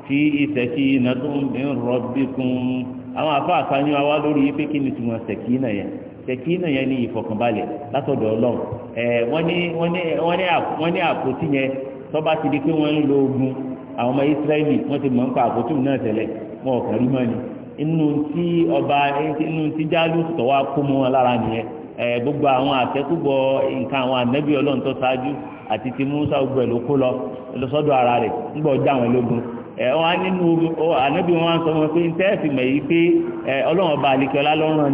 tí ìsẹ̀kí iná tó ń bí rọ́bì kún àwọn afáàfáà ní wa lórí pé kí ni tùmọ̀ sẹ̀kí náà yẹn sẹ̀kí náà yẹn ní ìfọ̀kànbalẹ̀ látọ̀dọ̀ ọlọ́run wọ́n ní àpótí yẹn di pé wọ́n ń lo ogun àwọn ọmọ ti mọ̀ pa àpótí náà tẹ́lẹ̀ wọn ò kàn rí inú ọba inú jálù tọ́wọ́ gbogbo àwọn àtẹkùbọ̀ nǹkan àwọn ànábì ọlọrun tó ṣáájú àti ti musa gbogbo ẹ̀ ló kó lọ lọ́sọ́dọ̀ ara rẹ nígbà ọjà àwọn ológun ẹ wọn nínú ànábì wọn sọ wọn pé yìí pé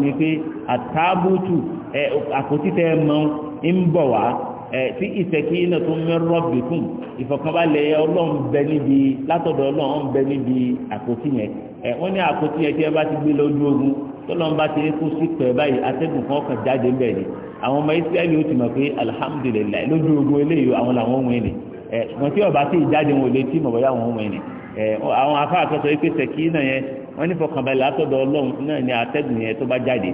ni pé àtàbùtù ẹ mọ́ ń wá tí ìsẹ̀kí iná tó ń mẹ́rọ́ bìkún ìfọ̀kànbalẹ̀ ọlọ́run bẹ níbi látọ̀dọ̀ ọlọ́run bẹ níbi àpótí yẹn ẹ wọ́n ní àpótí yẹn tí ẹ bá ti gbé lọ ojú ogun tọ́lọ́run bá ti rí kó sí pẹ̀ báyìí atẹ́gùn kan kàn jáde ń bẹ̀ ni àwọn ọmọ israẹli ó ti mọ̀ pé alihamudulilayi lójú ogun eléyìí àwọn làwọn ohun ẹni ẹ wọ́n tí ọba tí ìjáde wọn ò lè tí mọ̀ bọ́yá àwọn ohun ẹni ẹ àwọn afáàkọ́sọ yìí pé sẹ̀kí náà yẹn wọ́n ní fọkànbalẹ̀ látọ̀dọ̀ ọlọ́run náà ní atẹ́gùn yẹn tó bá jáde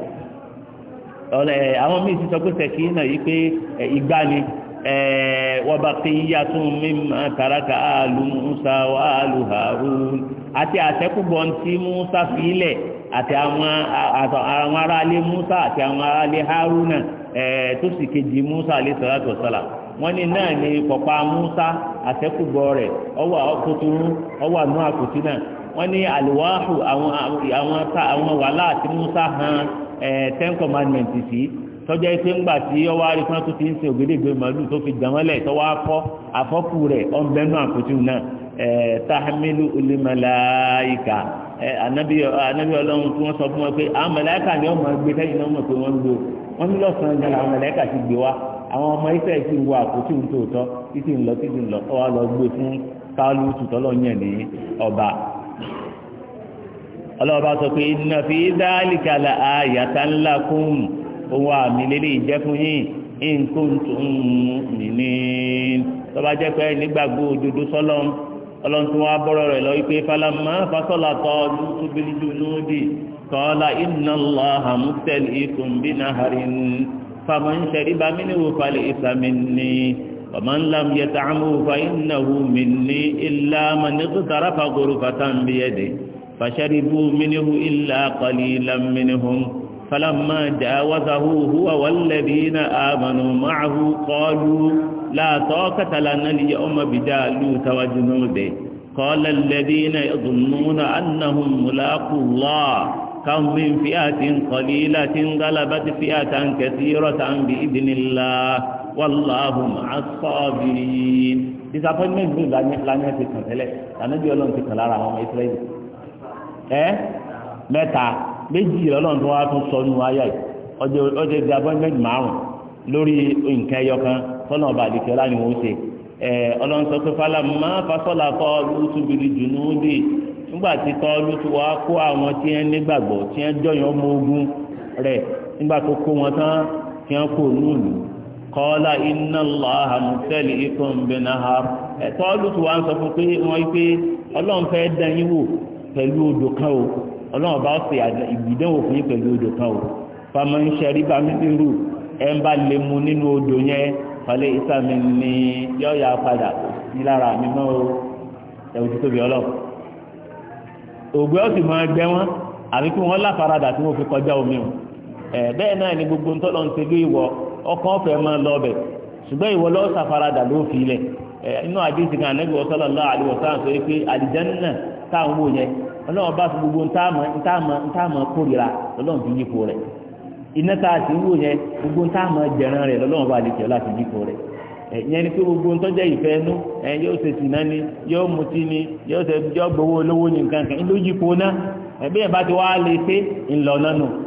Eh, àwọn míì ti sọ pé sẹ̀kì náà yìí pé eh, ìgbà ni wọ́n bá fi yíyá tún tàràkà musa wà àti àtẹ́kùbọ̀ tí musa fi àti àwọn musa àti àwọn eh, tó sì kejì musa wọ́n ní náà ni pọ̀pá musa àtẹ́kùbọ̀ rẹ̀ ọwọ́ ọwọ́ náà wọ́n ní àlùwáhù àwọn wàhálà àti ten commandment sí tọ́jà ìpè ńgbà tí ọwọ́ arípọ́n tó ti ń sin ògédègbè màálù tó fi jàmọ́lẹ̀ tọ́wọ́ afọ́ afọ́kù rẹ̀ ọ̀nbẹ́nu àpótí náà tahamilu ulimalaika anabi anabi ọlọ́run tí wọ́n sọ fún wọn pé àwọn màláíkà ni wọ́n máa gbé sẹ́yìn náà mọ̀ pé wọ́n ń lo wọ́n ní lọ́sàn-án gan àwọn màláíkà ti gbé wa àwọn ọmọ ife ti ń wo àpótí ń tòótọ́ títí ń lọ títí ń lọ ọ wa lọ gbé fún kálù tùtọ́ lọ́ọ́ yàn ní ọba ọlọ́ọ̀bá sọ pé inna fi dhalika la ayatan lakum ohun àmì lélẹ̀ ìjẹ́ fún yín in kuntum mu'minin tó bá jẹ́ pé nígbàgbọ́ òdodo sọ́lọ́n ọlọ́run tí wọ́n á bọ́rọ̀ rẹ̀ lọ wípé falamma fasọ́là tọ́ lùtúbílì junudi qala inna Allaha mubtalikum binaharin faman shariba minhu falaysa minni ومن لم يطعمه فإنه مني إلا من اغترف غرفة بيده فشربوا منه إلا قليلا منهم فلما جاوزه هو والذين آمنوا معه قالوا لا طاقة لنا اليوم بجالوت وجنوده قال الذين يظنون أنهم ملاقوا الله كم من فئة قليلة غلبت فئة كثيرة بإذن الله والله مع الصابرين إذا ni lanyẹ ti kàn tẹ́lẹ̀ lànà bí ọlọ́run ti kàn lára ẹ́ mẹ́ta méjì lọ́lọ́run tó wá tún sọ nínú ayé ọjọ́ ọjọ́ di márùn lórí nǹkan ẹyọ kan tọ́nà ọba àdìkẹ́ ọlá ni ṣe ẹ ọlọ́run sọ pé máa fasọ́là kọ́ lóṣù bìrì jù ní nígbà tí kọ́ lóṣù wa kó àwọn tí nígbàgbọ́ tí jọyàn ọmọ ogun nígbà pẹ̀lú odò kan o ọlọ́run bá ṣe ìgbìdánwò fún pẹ̀lú odò kan o fàmọ ń ṣe ríbà ẹ ń bá lè mu nínú odò yẹn ni yọ ya padà sí lára mi mọ́ o tóbi ọlọ́run ògbé ọ̀sìn máa àbí kí wọ́n láfaradà tí wọ́n fi kọjá omi o ẹ̀ bẹ́ẹ̀ náà gbogbo ń tọ́lọ́ ṣùgbọ́n ìwọ lọ́wọ́ ló fi ilẹ̀ inú kan lọ́wọ́ pé táwọn wò ọlọ́run bá fi gbogbo ntaama ntaama ntaama kórira lọ́lọ́run fi yípo rẹ̀ iná tá a ti ń wò yẹn gbogbo ntaama jẹran rẹ̀ lọ́lọ́run bá lè jẹ́ láti yípo rẹ̀ ẹ̀yẹn ni pé gbogbo ntọ́jẹ́ ìfẹ́ nú ẹ̀ yóò ṣe sìnà ni yóò mutí ni yóò ṣe yóò gbowó olówó ni nǹkan kan ló yípo náà ẹ̀bí ẹ̀ bá ti wá lè ṣe ńlọ náà nù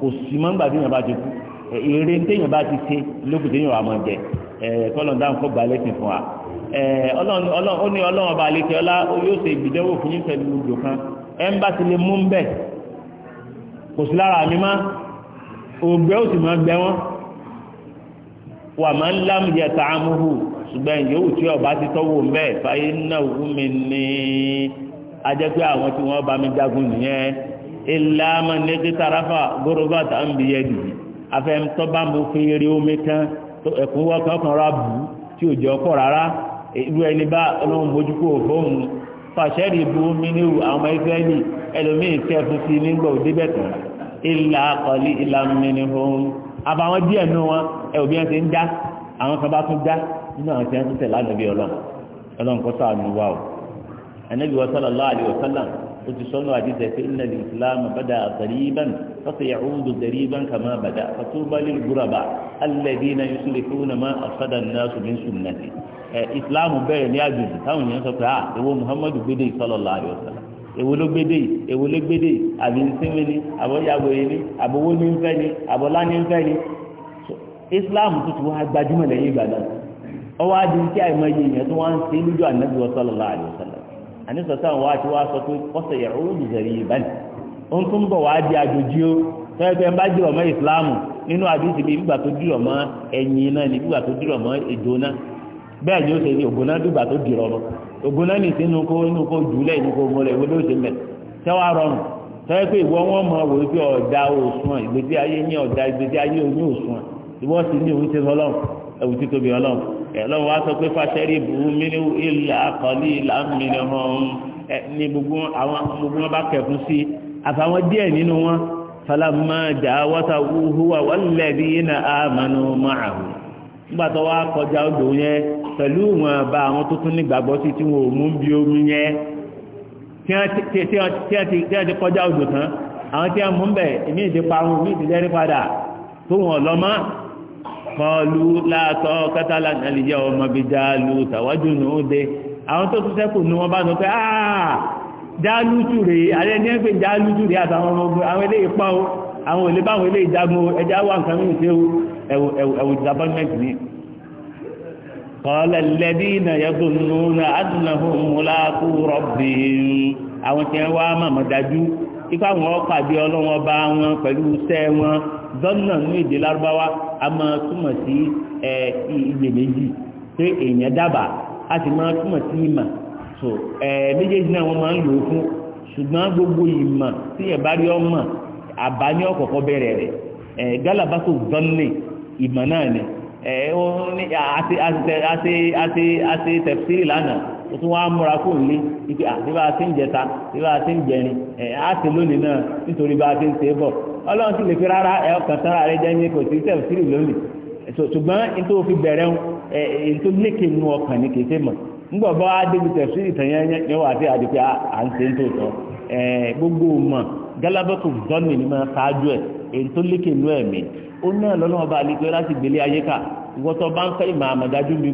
kò sí mọ́ nígbà tí èèyàn bá ti kú èrè téèyàn bá ti ṣe lókùn téèyàn wà mọ̀ jẹ kọ́lọ́n dáhùn kó gbalẹ̀ sí fún wa ó ní ọlọ́run ọba àlekè ọlá yóò ṣe ìgbìdẹ́wò fún yín pẹ̀lú òjò kan ẹ̀ ń bá ti lè mú ń bẹ̀ kò sí lára mi má ògbẹ́ òsì máa gbẹ wọ́n wà máa ń lám yẹ tààmùhù ṣùgbọ́n yòówù tí ọba ti tọ́wọ́ mbẹ́ fàyè náà wú mi ní ajẹ́ àwọn tí wọ́n bá mi jagun nìyẹn ìlàmà lẹ́tí tarafa gbọ́rọ̀gbà tà ń bìyẹ dì afẹ́mtọ́ bá ń bú fi rí omi kan tó ẹ̀kún wọ́kàn kan rà bù tí ò jẹ́ ọkọ̀ rárá irú ẹni bá ọlọ́run bójúkó òfóhùn fàṣẹ́rì bu omi ní àwọn israẹli ẹlòmíì kẹfún sí nígbà òdébẹ̀tàn ìlà àkọlí ìlà mímí fún àbáwọn díẹ̀ nú wọn ẹ òbí ẹni ti ń dá àwọn kan bá tún dá nínú àwọn tí wọn tẹ̀ lánàá bí ọlọ́run ọlọ́run kọ́ sáà nù wá o ànábì sallallahu alaihi wasallam ó ti sọ́nù àdìsẹ́ pé iná lè islam bàdà àtàríban fọ́sẹ̀ yàhùndù dàríban kàmá bàdà fàtúbálì gúrabà alẹ́bí náà yóò sílẹ̀ fún ọmọ àfádà náà sùn ní sunnati ẹ islam bẹ̀rẹ̀ ní àjòjì táwọn èèyàn sọ pé à ah, èwo muhammadu gbédè sallallahu alaihi wasallam èwo ló gbédè èwo ló gbédè àbí nsínmi ni àbọ̀yàwó yìí ni àbọ̀wó ní nfẹ́ ni àbọ̀lá ní nfẹ́ ni islam tuntun wa gbajúmọ̀ lẹ́yìn ìgbà náà ọwọ́ adi ní kí àìmọye èèyàn tó wá ń ṣe lójú ànábì sallallahu alaihi wasallam àníṣọ́sá wa ti wá sọ pé kọ́sẹ̀ yẹ̀rọ olùzẹ̀rì ìbá ni ó ń tún bọ̀ wá di àjòjì ó fẹ́ẹ́fẹ́ bá dìrọ̀ mọ́ ìsìláàmù nínú àdúgbò bíi gbígbà tó dìrọ̀ mọ́ ẹ̀yìn náà ní gbígbà tó dìrọ̀ mọ́ èdò náà bẹ́ẹ̀ ni ó ṣe ní ògùn náà dùgbà tó dìrọ̀ lọ ògùn náà nì sínú kó inú kó jùlẹ̀ inú kó mọ́lẹ̀ ìwé ló ṣe mẹ́ tẹ́wàá rọrùn tẹ́wẹ́ ìwọ ẹ̀wù títóbi ọlọ́run ọlọ́run wá sọ pé fàṣẹ́rì bù akọli ilà àkọlí ìlà mínú hàn ní gbogbo àwọn gbogbo wọn bá kẹ̀kún sí àfàwọn díẹ̀ nínú wọn falamma jà wọ́tà wúhúwà wọ́n a iná àmànú màáhù nígbà tó wa kọjá odò yẹn pẹ̀lú wọn bá àwọn tó sí tí wọn ò mú bí omi kọjá odò tán àwọn tí mú ìmí ìdí parun ìmí ìdí kọlu láàtọ́ kẹtàlá nàìjíríà ọmọ bíi jáàlú tàwájú nù ó dé àwọn tó tún sẹ́kù ní wọ́n bá sọ pé àà jáàlútù rèé alẹ́ ní ẹgbẹ́ jáàlútù rèé àtàwọn ọmọ ogun àwọn ilé ìpá o àwọn òlé báwọn ilé ìjagun ẹjá wà nǹkan mìíràn tí ẹwù ikú àwọn ọkọ̀ àbí ọlọ́wọ́n bá wọn pẹ̀lú iṣẹ́ wọn zọ́nà ní èdè lárúbáwá a máa túmọ̀ sí ilé méjì pé èèyàn dábàá a sì máa túmọ̀ sí ìmọ̀ so méjèèjì náà wọ́n máa ń lò ó fún ṣùgbọ́n gbogbo ìmọ̀ tí yẹn bá rí ọmọ àbá ní ọ̀kọ̀ọ̀kọ̀ bẹ̀rẹ̀ rẹ̀ galabaso zọ́nì ìmọ̀ náà ni àti tẹ̀síìrì lánàá otu tún wá múra kó lé ibi àti bá a ti ń jẹta ibi bá a ti ń jẹrin ẹ á ti lónìí náà nítorí bá a ti ń ṣe é bọ̀ ọlọ́run sì lè fi rárá ẹ ọkàn tán ààrẹ jẹ́ ní kò sí tẹ̀ sírì lónìí ṣùgbọ́n nítorí fi bẹ̀rẹ̀ ẹ nítorí lékè nu ọkàn ní kété mọ̀ ńgbọ̀ bá a débi tẹ̀ sírì tán yẹn wà sí à ń ṣe ń ẹ gbogbo mọ̀ gálábẹ́kù ṣáájú ẹ̀ èyí tó lékè nu ẹ̀mí onu náà ọba àlejò láti gbélé ayé ká ìwọ́n tó bá ń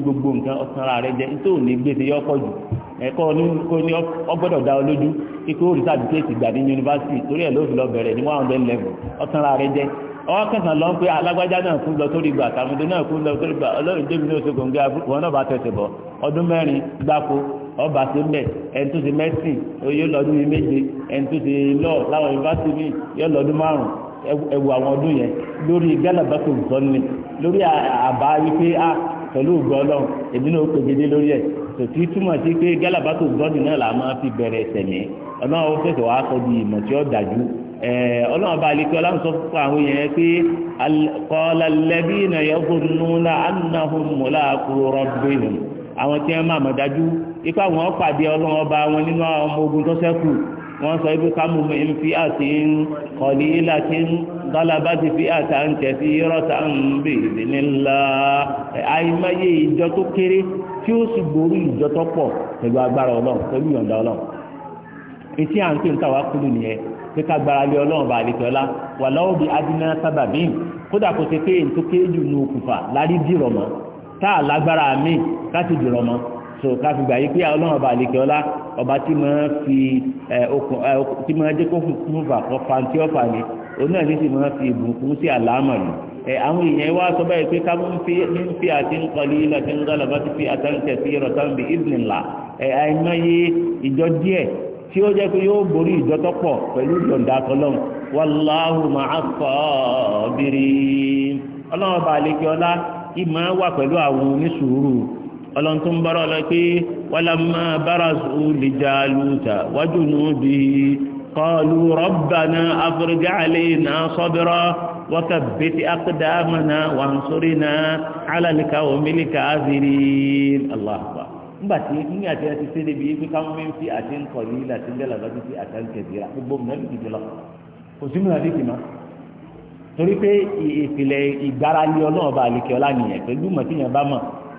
gbogbo nǹkan ọ̀sán rẹ jẹ́ nítorí òní yọ ọkọ jù ẹkọ ní dá ọ lójú kíkó òrìṣà kéèsì gbà ní yunifásitì torí ló fi lọ ní one hundred level rẹ kẹsàn lọ ń alágbájá náà lọ sórí ìgbà náà lọ sórí ìgbà débi ní wọn náà bá ọdún gbáko ọba mẹ ẹni tó ẹwù àwọn ọdún yẹn lórí gálàbàtò ìtọ́ni lórí àbá wípé a ah, pẹ̀lú ògbọ́ ọlọ́run èmi náà pègede lórí ẹ̀ tòtí túmọ̀ sí pé gálàbàtò ìtọ́ni náà là máa fi bẹ̀rẹ̀ ẹ̀sẹ̀mí ọlọ́run ó fẹ̀sẹ̀ wá sọ di ìmọ̀ tí ó dájú ọlọ́run bá lè kí ọlọ́run sọ fún àwọn èèyàn pé qala alladhina yadhunnuna annahum mulaqu rabbihim àwọn tí wọ́n máa mọ̀ dájú ipá wọn pàdé ọlọ́run ọba wọn nínú àwọn ọmọ ogun tó ṣẹ́kù wọ́n sọ ibi ká mú fi àti ń ń ti fi àtà ń tẹ̀sí rọ́ta ń bè ní ńlá àìmáyé ìjọ tó kéré tí ó sì borí ìjọ tó pọ̀ pẹ̀lú agbára ọlọ́run pẹ̀lú ìyọ̀ǹda ọlọ́run etí à ń pè ń tàwa nìyẹn pé ká gbára lé ọlọ́run bá àlejò ọlá wà bí adínà sábà míì kódà kò pé tó kéré jù ní okùnfà lárí so káfí gbà yí pé ọlọ́run ọba àlekè ọlá ọba tí mo fi okùn tí mo dé kó fún fà kọ fàǹtí ọ̀fà ni òun náà ní sì mo fi ìbùkún sí àlámọ̀ yìí ẹ àwọn èèyàn wa sọ báyìí pé ká mú fi ní fi àti ń kọ́lé ilẹ̀ tí ń gbọ́dọ̀ bá ti fi àtàǹtẹ̀ sí rọ̀tàn bí ìdìnnìlá ẹ àìmọye ìjọ díẹ̀ tí ó jẹ́ pé yóò borí ìjọ tó pẹ̀lú ìjọ̀ǹda tọ́lọ́m wàláhù ọlọ́run tó ń bọ́rọ̀ lọ pé walamma barazu li jaluta wa junudihi qalu rabbana afrij alayna sabra wa thabbit aqdamana wansurna ala al-qawmil kafirin Allahu akbar ngbàtí ní àti àti sẹ́dẹ̀ bíi pé káwọn mi ń fi àti ń kọ̀ ní ilé àti ń dẹ́là bá títí àti ń kẹ̀dí torí pé ìpìlẹ̀ ìgbáralé ọlọ́ọ̀bá àlekè ọlá nìyẹn pẹ̀lú mọ̀tíyàn bá mọ̀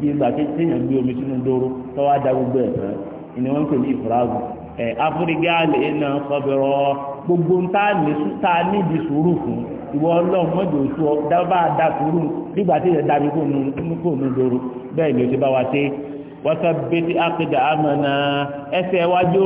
bí kéèyàn gbé omi sínú dóró gbogbo ẹ̀ ìní wọ́n ń pè ní ẹ̀ iná kọbẹ̀rọ gbogbo tá a níbi sùúrù fún ìwọ ọlọ́run mọ́jọ oṣù dábàá da sùúrù nígbà tí ìyẹn dábí kò nu dóró bẹ́ẹ̀ ni o ti bá wa ṣe bẹ́tí ẹsẹ̀ wájú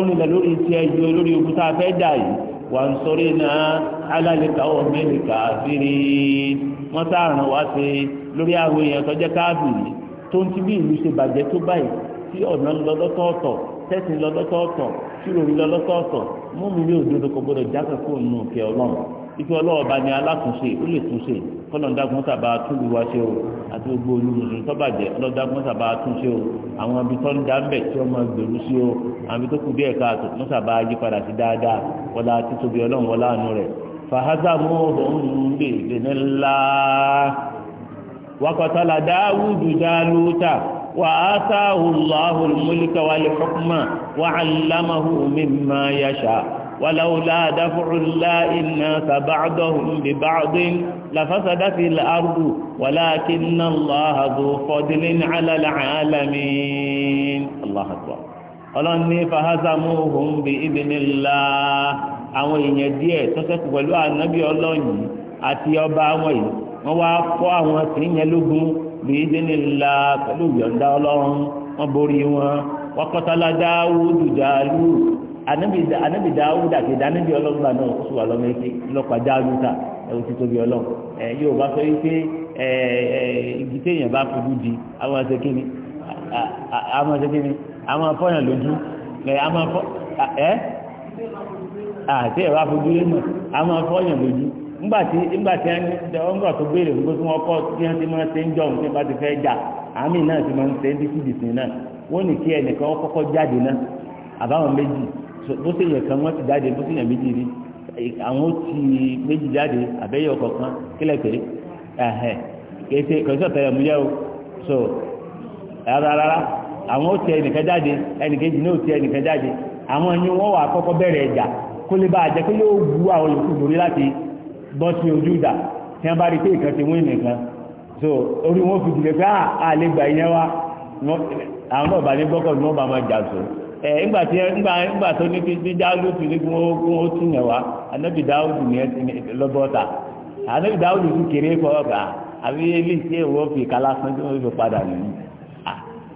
orin tó ń ti bí ìlú ṣe bàjẹ́ tó báyìí tí ọ̀nà lọ́lọ́tọ̀ọ̀tọ̀ tẹ́sìn lọ́lọ́tọ̀ọ̀tọ̀ tìròrí lọ́lọ́tọ̀ọ̀tọ̀ múmi ní òdodo kò gbọdọ̀ jákè fún òun òkè ọlọ́run ife ọlọ́wọ́ bá ní alátúnṣe ó lè túnṣe kọ́lọ́ndágún sábà túlù wá ṣe o àti gbogbo olùmùsùn tọ́bàjẹ́ ọlọ́dágún sábà túnṣe o àwọn ibi tó ń dá ń bẹ̀ tí wọ́n máa gbèrú sí o àwọn ibi tó kù bí ẹ̀ka àtò tó sábà yí padà sí dáadáa wọlá títóbi ọlọ́run wọlá àánú rẹ̀ fàhásà mú òun lè dènà ńlá وقتل داود جالوت وآتاه الله الملك والحكم وعلمه مما يشاء ولولا دفع الله الناس بعضهم ببعض لفسدت الأرض ولكن الله ذو فضل على العالمين الله أكبر ọlọ́ni فهزموهم بإذن الله àwọn èèyàn díẹ̀ tó pẹ̀lú ànábì ọlọ́yìn àti ọba àwọn wọ́n wá kọ́ àwọn kìnìyàn lógun bíi dínì ńlá pẹ̀lú ìyọ̀ǹda ọlọ́run wọ́n borí wọn wọ́n kọ́tàlá dáwúdù jàálù anabi dáwúdù àti ìdánibi ọlọ́run náà ó sì wà lọ́mọ ike lọ́pàá jàálù ta ẹ̀wọ̀n ti tóbi ọlọ́run ẹ̀ yóò bá sọ wípé ẹ̀ ẹ̀ igi téèyàn bá fojú di àwọn ẹsẹ̀ kíni àwọn ẹsẹ̀ kíni àwọn afọ́yàn lójú ẹ̀ àwọn afọ́ ẹ̀ àti ẹ̀ bá fojú lé náà àwọn afọ́yàn lójú ngbàtí ngbàtí ọgbà tó béèrè gbogbo tí wọn kọ tí wọn ti máa ṣe ń jọ òun tí wọn bá ti jà àmì náà ti máa ń ṣe náà wọn ní kí ẹnìkan ó jáde náà àbáwọn méjì bó ṣe yẹ kan wọn ti jáde bó ṣe ọkọ̀ kan kílẹ̀ pé ẹ̀hẹ̀ so rárá àwọn ó ti ẹnìkan jáde ẹnìkejì náà ó ti ẹnìkan jáde àwọn ẹni wọn wà bẹ̀rẹ̀ ẹ̀jà bọ́ sí ojú ìdá tí wọ́n bá rí pé ìkan ti wọ́n nìkan so orí wọn fi jùlẹ̀ pé à ah, lè gbà ìyẹn wá àwọn náà bá ní gbọ́kọ̀ ní wọ́n bá máa jà tó ní kí dídá lóṣù ní kí wọ́n tún yẹn anábì ní lọ́bọ́ta anábì kéré àbí ilé iṣẹ́ fi tí wọ́n fi padà nìyí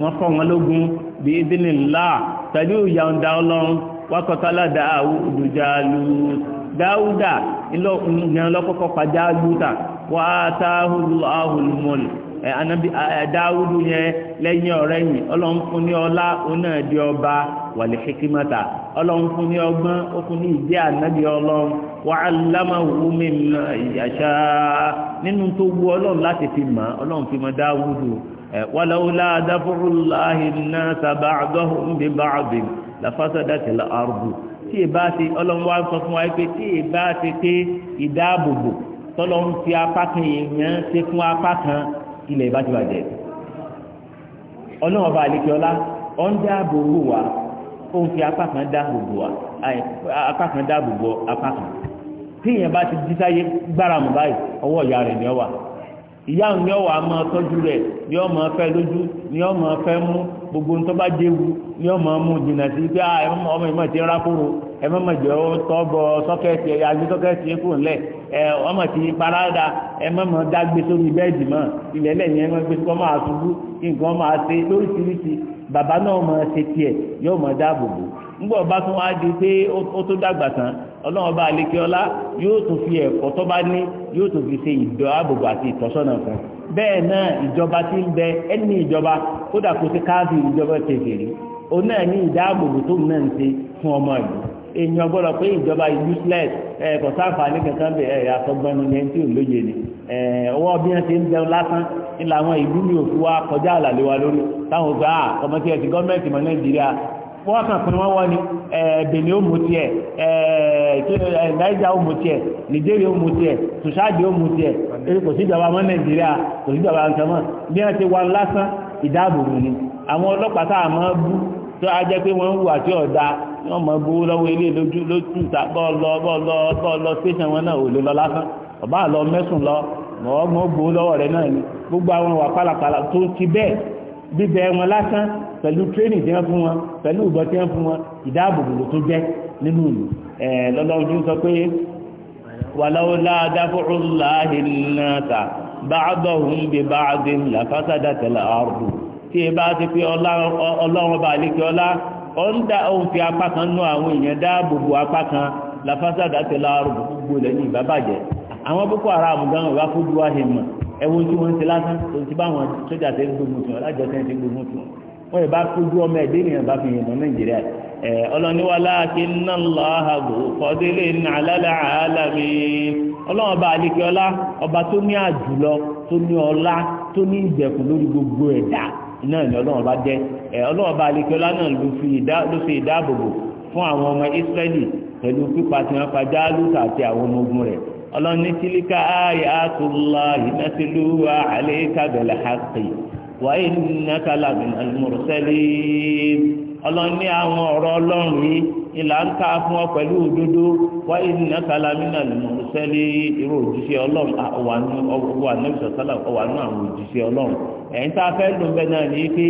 wọ́n fọ́ wọn lógún bí ìdílé ńlá pẹ̀lú ìyàǹda ọlọ́run wákọ̀tálá dáúdù jáàlú dáúdà ìyàn lọ́kọ́kọ́ pa jáàlúta wà táhùlùmọ́l dáúdù yẹn lẹ́yìn ọ̀rẹ́ yìí ọlọ́run fún ní ọlá oná ẹ̀dí ọba wàlẹ̀ hikimata ọlọ́run fún ní ọgbọ́n ó fún ní ìdí ànábì ọlọ́run láti fi mọ̀ ọlọ́run fi mọ̀ dáúdù wàláwùlá adáfúrúláhì náà sábà àgọ́hùn bí bá àbí làfásàdàtì àrùbù tí ì bá ti ọlọ́run wá sọ fún wa pé tí ì bá ti pé ìdáàbòbò tọ́lọ́ ń fi apá kan èèyàn ṣe fún apá kan ilẹ̀ ìbá ti bàjẹ́ ọlọ́run ọba àlekíọ́lá ọ̀ ń dáàbòbò wa ó ń fi apá kan dáàbòbò wa apá kan dáàbòbò apá kan tí èèyàn bá ti jí sáyé gbára mọ̀ báyìí ọwọ́ ìyá rẹ̀ ni ọ wà ìyá òun yóò wá máa tọ́jú rẹ̀ yóò máa fẹ́ lójú yóò máa fẹ́ mú gbogbo ń tọ́ba déwu ní ọmọ ọmọ òjìnà sí pé ah, ọmọ ọmọ ìmọ̀ ti rákòrò ẹ mọ̀ jẹ́ ó tọ́bọ̀ sọ́kẹ́ẹ̀tì ẹ̀yà gbé sọ́kẹ́ẹ̀tì ẹ̀kọ́ ńlẹ̀ ẹ ọmọ ti parada ẹ mọ̀ mọ̀ dágbé sórí bẹ́ẹ̀dì mọ̀ ilẹ̀ lẹ́yìn ẹ mọ̀ gbé kọ́ máa kí nǹkan máa ṣe lóríṣiríṣi bàbá náà mọ̀ ṣe tiẹ̀ yóò mọ̀ dáàbò bò bá tún wá di pé ó tó dàgbà tán ọlọ́run bá ọlá yóò tún fi ẹ̀kọ́ tó bá ní yóò tún fi bẹ́ẹ̀ náà ìjọba ti ń bẹ ẹni ìjọba kódà kò sí káàdì ìjọba kékeré òun náà ní ìdáàbòbò tó náà ń ṣe fún ọmọ ìlú èèyàn gbọ́dọ̀ pé ìjọba useless ẹ kò sáǹfààní kankan bẹ ẹ àtọgbọnu ní ẹni tí ò lóye ni ọwọ́ bí wọ́n ti ń jẹun lásán ní làwọn ìlú mi ò fi kọjá àlàlé wa lórí táwọn gbà á ọmọ tí gọ́ọ̀mẹ̀ntì mọ́ Nàìjíríà wọ́n kàn fún wọn wọ́n ni Benin ó mú tiẹ̀ Niger ó mú tiẹ̀ Nigeria ó mú tiẹ̀ tùṣáàdì ó mú kò sí ìjọba mọ́ Nàìjíríà kò sí ìjọba wọ́n ti lásán ni àwọn ọlọ́pàá tá bú tó a jẹ́ pé wọ́n ń wà tí ọ̀dà wọ́n bú lọ́wọ́ ilé bíbẹ wọn lásán pẹ̀lú tírénì tí wọ́n fún wọn pẹ̀lú ìbọn tí wọ́n fún wọn ìdáàbòbò ló tó jẹ́ nínú ìlú ẹ̀ lọ́lọ́dún sọ pé wàláwọlá dáfọ́rúnláhìnnàta báàdọ̀hún bí báàdín làfásádà tẹ̀lẹ̀ àrùn gbogbo lẹ́yìn ìbábàjẹ́ àwọn boko haram gan ọ̀rọ̀ afọ́jú wa ṣe mọ̀ ẹwọ́n tí wọ́n ń ṣe lásán tó ti bá wọn sójà ṣe ń gbógun tì wọn lájọ ṣe ń ṣe gbógun tì wọn wọ́n yìí bá kójú ọmọ ẹ̀dẹ́ ènìyàn bá fi yìnbọn nàìjíríà ẹ̀ ọlọ́niwálá kí nná lọ ààbò kọ́délé nàlálà àálàmì ọlọ́run bá alẹ́ kí ọlá ọba tó ní àjùlọ tó ní ọlá tó ní ìjẹ̀kùn lórí gbogbo ẹ̀dá náà ni ọlọ́run bá jẹ́ ẹ̀ ọlọ́run bá alẹ́ kí ọlá náà ló fi ìdáàbòbò fún àwọn ọmọ ìsírẹ́lì pẹ̀lú pípa tí wọ́n pa jáálùtà àti àwọn ọmọ ogun rẹ̀ ọlọ́run ní tílíkà ayé àtúlá ìmẹ́tìlúwà àlékàbẹ̀lẹ̀ àpè wáyé nàkàlà mùrùsẹ́lẹ̀ ọlọ́run àwọn ọ̀rọ̀ ọlọ́run yìí ìlà ń ká fún ọ pẹ̀lú òdodo wáyé nàkàlà mùrùsẹ́lẹ̀ irú òjíṣẹ́ ọlọ́run ọwọ́ àwọn òjíṣẹ́ ọlọ́run ẹ̀yìn tá a fẹ́ lò bẹ́ẹ̀ náà ní pé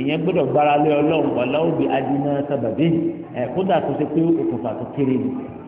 ìyẹn gbọ́dọ̀ gbára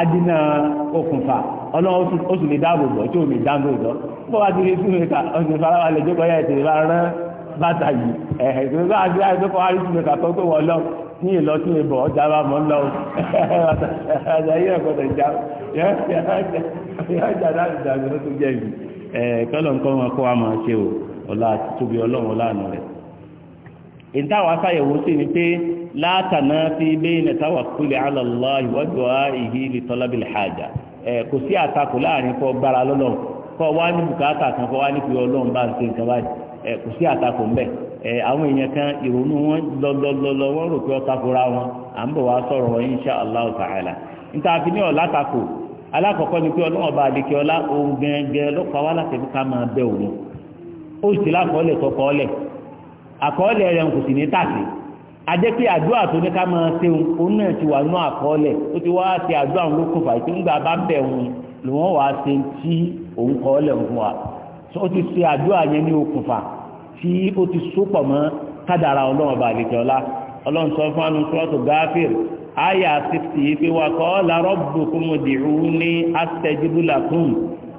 adínà okùnfà ọlọ́run ó sì lè dáàbò bọ̀ tí o ní dáàbò bọ̀ bó bá ti rí sínú ìka ọ̀sìn farawa lè jókòó yẹ ìtìrí bá rán bàtà yìí ẹ̀hẹ̀ ìtìrí bá ti rí sínú àrí sínú ìka tó pé wọ́n lọ ní ìlọ tí ìbọ̀ ọjà bá mọ́ lọ ọjà yìí ẹ̀kọ́ tẹ̀ já ọjà láti dàgbé tó jẹ́ ìlú kọ́lọ̀ nǹkan wọn kó wa máa ṣe o ọlá àti tóbi ọlọ́run ọlá àná rẹ̀ látànà fi bẹ́ẹ̀nà tawakkuli ala Allah wa du'aihi li hajj. haja kò sí àtakò láàrin kọ́ bára lọ́lọ́ kọ́ wá ní bukata kan kọ́ wá ní pé ọlọ́run bá ń ṣe nǹkan báyìí kò sí àtakò ńbẹ àwọn èèyàn kan ìrònú wọn rò pé wọn à ń bọ̀ wá sọ̀rọ̀ wọn insha Allah ta'ala fi ní alákọ̀ọ́kọ́ ni pé ọlọ́run ọba ajẹ́ pé àdúrà tó ní ká máa ṣe òun náà ti wà nínú àkọọ́lẹ̀ ó ti wá ṣe àdúrà òun ló kùnfà tí ń gbà bá bẹ̀ òun lòun wàá ṣe tí òun kọ́ọ́lẹ̀ òun wà ó ti ṣe àdúrà yẹn ní okùnfà tí ó ti sopọ̀ mọ́ kádàrà ọlọ́run bá àlejò ọlá ọlọ́run sọ fún anu sọ́ọ̀tù gáfíìr àyà sixty yìí pé wà kọ́ làrọ́ bùkún mọ̀dìrún ní astẹ́júbùlà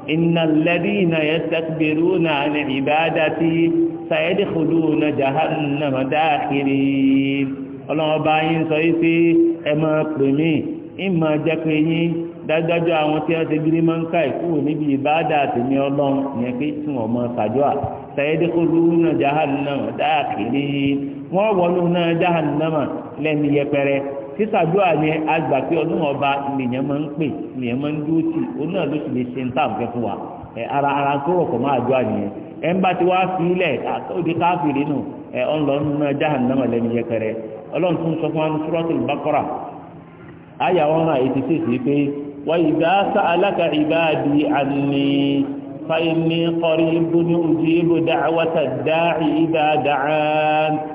إن الذين يستكبرون عن عبادتي سيدخلون جهنم داخرين ọlọ́run ọba yín sọ yí sí ẹmọ pè mí ìmọ̀ jẹ́ pé yín dájúdájú àwọn tí wọ́n ti gírí máa ń ká ìkúrò níbi ìbáàdà àtìmí ọlọ́run yẹn سيدخلون جهنم داخرين wọ́n wọnú náà jahannama lẹ́ni títàdúrà yẹn a gbà pé ọdún ọba lèyàn máa ń pè lèyàn máa ń dúró tì òun náà ló sì lè ṣe ń tà fún wa ẹ ara ara tó rọ̀kọ̀ máa ọnụ yẹn ẹ ń bá ti wá fi àtọ́jú káfíìrì nù ẹ ọ̀n lọ nínú yẹpẹrẹ ọlọ́run tún sọ fún wa ní ètí sì sí pé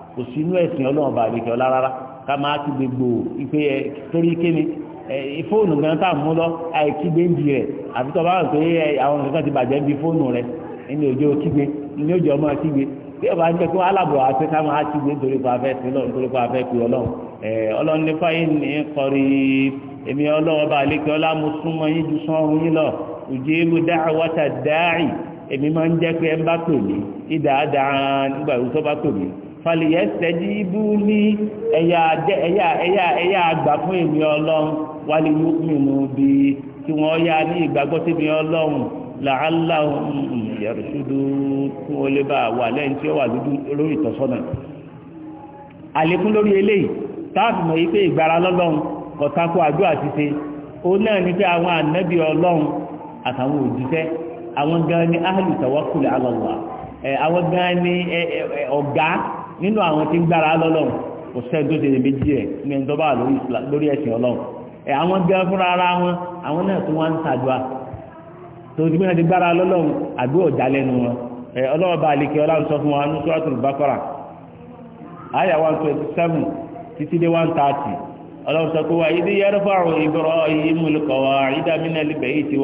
kò sí inú ẹ̀sìn ọlọ́run bá àlejò ọlá rárá ká máa ti gbogbo ipe ẹ torí a ẹ gan tá mú lọ ti bàjẹ́ bí fóònù rẹ ẹni òjò kígbe ẹni òjò ọmọ kígbe bí ọba ń jẹ kí wọn alábọ̀ àti ká máa kígbe nítorí pa afẹ́ pa afẹ́ pé ọlọ́run ọlọ́run ní kọrí fàlìyẹ sẹ́jì ibú ní ẹ̀yà ẹ̀yà fún èmi ọlọ́run wálé mụmụ bí kí wọ́n yá ní ìgbàgbọ́ síbi ọlọ́run làálà ìyẹ̀rù kí wà tí wà lórí ìtọ́sọ́nà. àlékún lórí eléyìí táàbù mọ̀ yí pé ìgbára lọ́lọ́run ọ̀tako àjọ àṣìṣe ó náà ní pé àwọn ànábì ọlọ́run àtàwọn òjíṣẹ́ àwọn gan ni áhàlù nínú àwọn tí ń gbára lọ́lọ́ kò sẹ́ni tó tẹ̀lé méjì ẹ̀ ní ẹni tó bá lórí ẹ̀sìn ọlọ́run ẹ̀ àwọn gẹ́gẹ́ fúnra ara wọn àwọn náà tó wá ń ṣàdúrà tó ti gbìyànjú gbára lọ́lọ́run àbí ọ̀já lẹ́nu wọn ẹ̀ ọlọ́run bá àlekè ọlọ́run sọ fún wa ní suratul Baqara àyà one twenty seven títí dé one thirty ọlọ́run sọ pé wa idh yarfa'u Ibrahimul qawa'ida minal bayti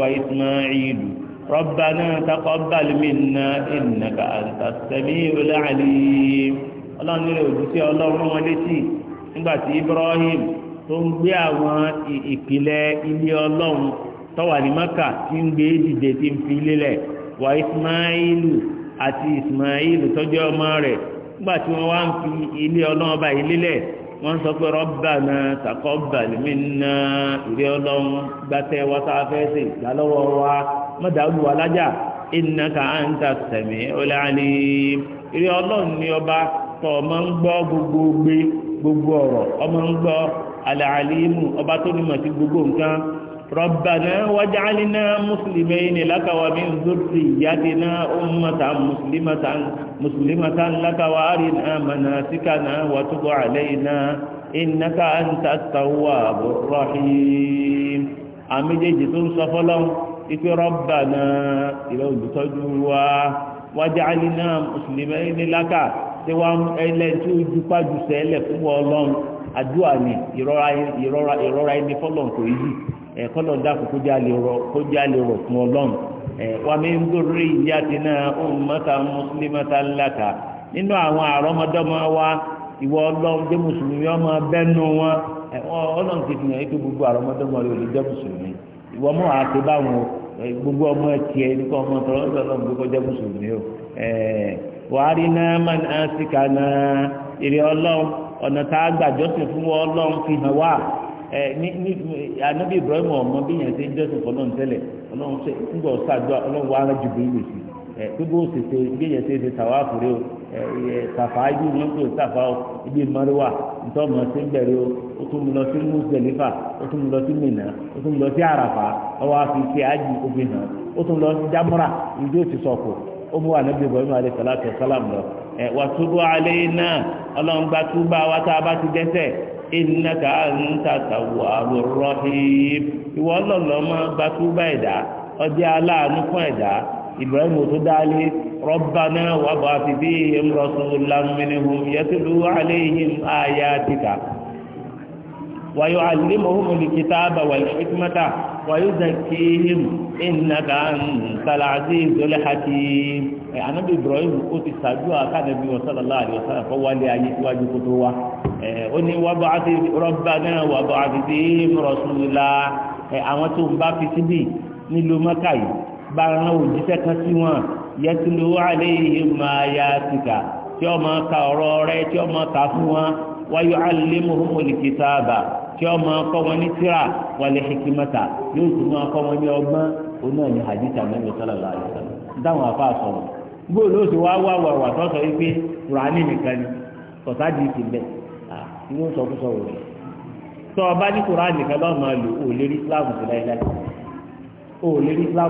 ربنا تقبل منا إنك أنت السميع العليم ọlọ́run nílẹ̀ òjíṣẹ́ ọlọ́run wọn létí Ibrahim tó ń gbé àwọn ìpìlẹ̀ ilé ọlọ́run tó wà tí ń gbé fi lélẹ̀ wà Ismailu àti Ismailu tó ọmọ rẹ̀ nígbà wọ́n wá ń fi ilé ọlọ́run báyìí lélẹ̀ wọ́n sọ pé Rabbana taqabbal minna ilé ọlọ́run gbàtẹ́ wọ́n sáfẹ́ ìgbàlọ́wọ́ wa mọ́dàlú ọlọ́run tọ̀ ọmọ ń gbọ́ gbogbo gbé gbogbo ọ̀rọ̀ ọmọ ń gbọ́ alàálímù ọba tó nímọ̀ sí gbogbo nǹkan rọ̀bàná wájálínà mùsùlùmí ní lákàwà mi ń zúrùtì ìyádínà ummatan muslimatan lákàwà àrínà manasikana wa tub alayna innaka anta at-tawwabur rahim àmì jẹ́jì tó ń sọ fọ́lọ́n ipe rọ̀bàná ìlọ́ tí wọ́n ẹlẹ́ tí ó dúpá jù sẹ́lẹ̀ fún ọlọ́run àdúrà ni ìrora ẹni fọlọ́n kò yí ẹ kó jẹ́ àlè rọ fún ọlọ́run ẹ wà mí ń dórí ìyá ti ọ̀hún mọ́ta mùsùlùmọ́ta ńláta nínú àwọn àrọ́mọdọ́mọ wa ìwọ ọlọ́run jẹ́ mùsùlùmí ọmọ bẹ́nu wọn ọlọ́run ti pé gbogbo àrọ́mọdọ́mọ rẹ ò lè jẹ́ mùsùlùmí ìwọ àti báwọn gbogbo ọmọ wàárí náà man àsìkà náà iri ọlọ́run ọ̀nà tá a gbà jọ́sìn fún wọn ọlọ́run fi hàn wá ẹ ní ní ànábì ibrahim ọmọ bí yẹn ti ń jọ́sìn fún ọlọ́run tẹ́lẹ̀ ọlọ́run ṣe ń gbọ́ ọlọ́run wàá ibi tàfà o ibi ń bẹ̀rẹ̀ o ó tún lọ sí ó tún lọ sí ó tún ó mú ànábì Ibrahim alẹ́ sàlátọ̀ sálàm lọ ẹ̀ wà túbọ̀ alẹ́ náà ọlọ́run gba túbà wa tá a bá ti dẹ́ṣẹ̀ innaka anta tawwabur rahim ìwọ ọlọ́lọ́ máa gba túbà ẹ̀dá ọdí aláàánú fún ẹ̀dá Ibrahim tó dálé rabbana wab'ath fihim rasulan minhum yatlu alayhim ayatika ويعلمهم الكتاب والحكمة ويزكيهم إنك أنت العزيز الحكيم anabi ibrahim ó ti ṣáájú akanabi sallallahu alaihi wasallam kó wálé ayé síwájú kó tó wá ó ní wàá bá àti rabbana wàá bá àti bí rasula tí ó ka ọ̀rọ̀ rẹ̀ tí ó ka fún wọn wa yu'allimuhumul kitaba tí ọ máa kọ́ wọn ní tíra wàlẹ̀ hikimata yóò tún máa kọ́ wọn ní ọgbọ́n oní ọ̀nì hadith amẹ́lẹ̀ sọ́lọ́lá àyẹ̀sọ́ dáhùn afá sọ̀rọ̀ gbóò ló sì wá wá wà tó wípé rani nìkan ni kọ̀sádì ti bẹ̀ inú rẹ̀ bá ní nìkan máa lò ó lérí islam ó lérí islam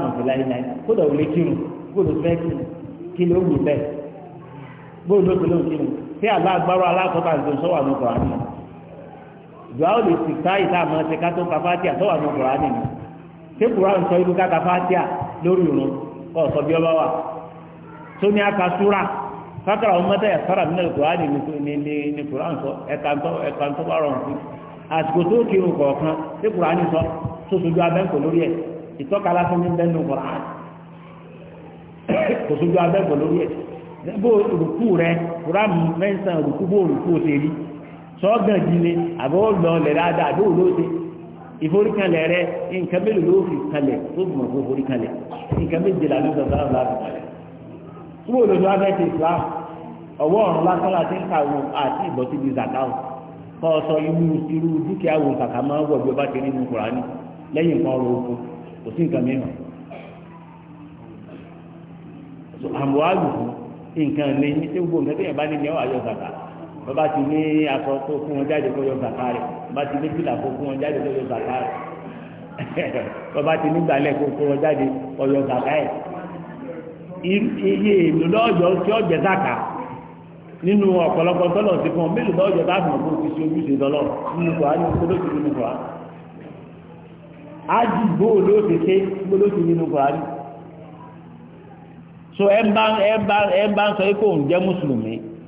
dùwáwò lè sì ká ìta àmọ́ ṣe ká tó ka fátíà tó wà ní kùránì ni ṣé kùránì sọ irú káka fátíà lórí òun kọ́ ọ̀sọ́ bí ọba wà tó ní aka súra fákàrà ọmọ mẹ́tẹ̀yà sára nínú kùránì ní kùránì sọ ẹ̀ka ń tó bá rọrùn sí àsìkò tó kírun kọ̀ọ̀kan ṣé kùránì sọ tó sojú abẹ́ǹkò lórí ẹ̀ ìtọ́ka lásán ní bẹ́ẹ̀ nù kùránì kò sojú abẹ́ǹkò lórí ẹ̀ sọ́gbọ̀n jí ni àbọ̀wọ̀gbọ̀n lẹ̀ àbí olóòṣe ìforíkalẹ̀ rẹ nǹkan ló fi kalẹ̀ tó gbọ̀n fún ìforíkalẹ̀ nǹkan méjìlá ló sọ̀tà ọ̀la fi kalẹ̀. kúrò lóṣù ọwọ́ ọ̀run lásán láti ń ka wọn àti ìbọ̀ kọ́ ọ sọ irú dúkìá kàkà máa wọ̀ bí ti rí kùránì lẹ́yìn ọrọ̀ oko kò sí nǹkan mìíràn. àmọ́ nǹkan lẹ́yìn tí gbogbo nǹkan bàbá ti ní aṣọ kó fún wọn jáde kó yọ bàtà rẹ̀ bàbá ti ní bìlà kó fún wọn jáde kó yọ bàtà rẹ̀ bàbá ti ní gbalẹ̀ kó fún wọn jáde kó yọ bàtà rẹ̀ iye èlò lọ́jọ́ tí ọ̀jẹ̀ zàkà nínú ọ̀pọ̀lọpọ̀ tọ́lọ̀ sí fún ọ mélòó lọ́jọ́ bá fún ọkọ̀ ti ṣe ojúṣe tọ́lọ̀ nínú kọ́ ní gbólóṣì nínú kọ́ ájì gbóòló ti ṣe gbólóṣì nínú kọ́ ní. so ẹ bá ń sọ pé kò ń jẹ́ mùsùlùmí